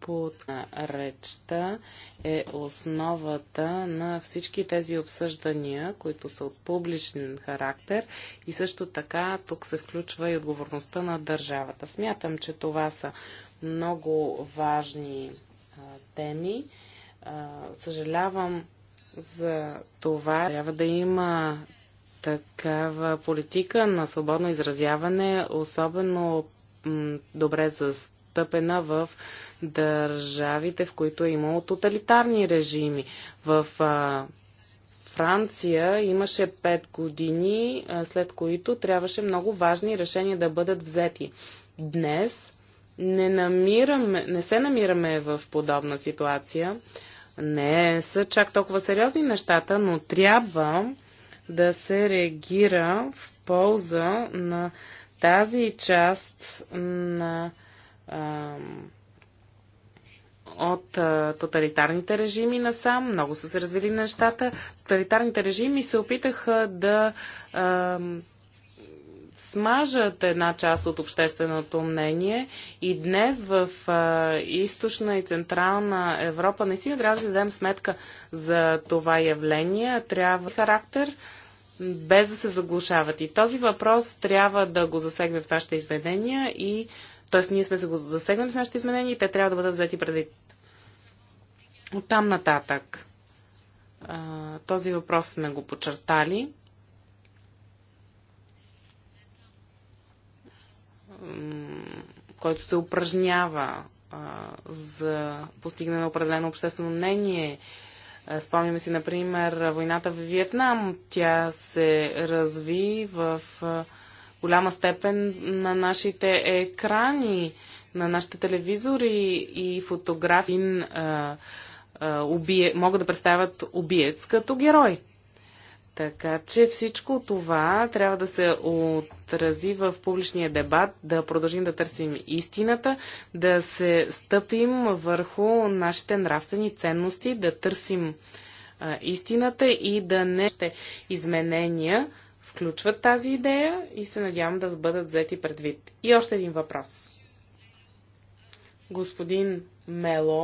Под речта е основата на всички тези обсъждания, които са от публичен характер и също така тук се включва и отговорността на държавата. Смятам, че това са много важни а, теми. А, съжалявам за това. Трябва да има такава политика на свободно изразяване, особено добре застъпена в държавите, в които е имало тоталитарни режими. В а, Франция имаше 5 години, след които трябваше много важни решения да бъдат взети. Днес не, намираме, не се намираме в подобна ситуация. Не са чак толкова сериозни нещата, но трябва да се реагира в полза на тази част на а, от а, тоталитарните режими насам. Много са се развили нещата. Тоталитарните режими се опитаха да а, смажат една част от общественото мнение и днес в а, източна и централна Европа наистина трябва да си дадем сметка за това явление. Трябва характер без да се заглушават. И този въпрос трябва да го засегне в нашите изменения и т.е. ние сме се го засегнали в нашите изменения и те трябва да бъдат взети преди. От там нататък този въпрос сме го почертали. който се упражнява а, за постигане на определено обществено мнение, е, спомняме си, например, войната в Виетнам. Тя се разви в е, голяма степен на нашите екрани, на нашите телевизори и фотографии е, убие, могат да представят убиец като герой. Така че всичко това трябва да се отрази в публичния дебат, да продължим да търсим истината, да се стъпим върху нашите нравствени ценности, да търсим а, истината и да не ще изменения включват тази идея и се надявам да бъдат взети предвид. И още един въпрос. Господин Мело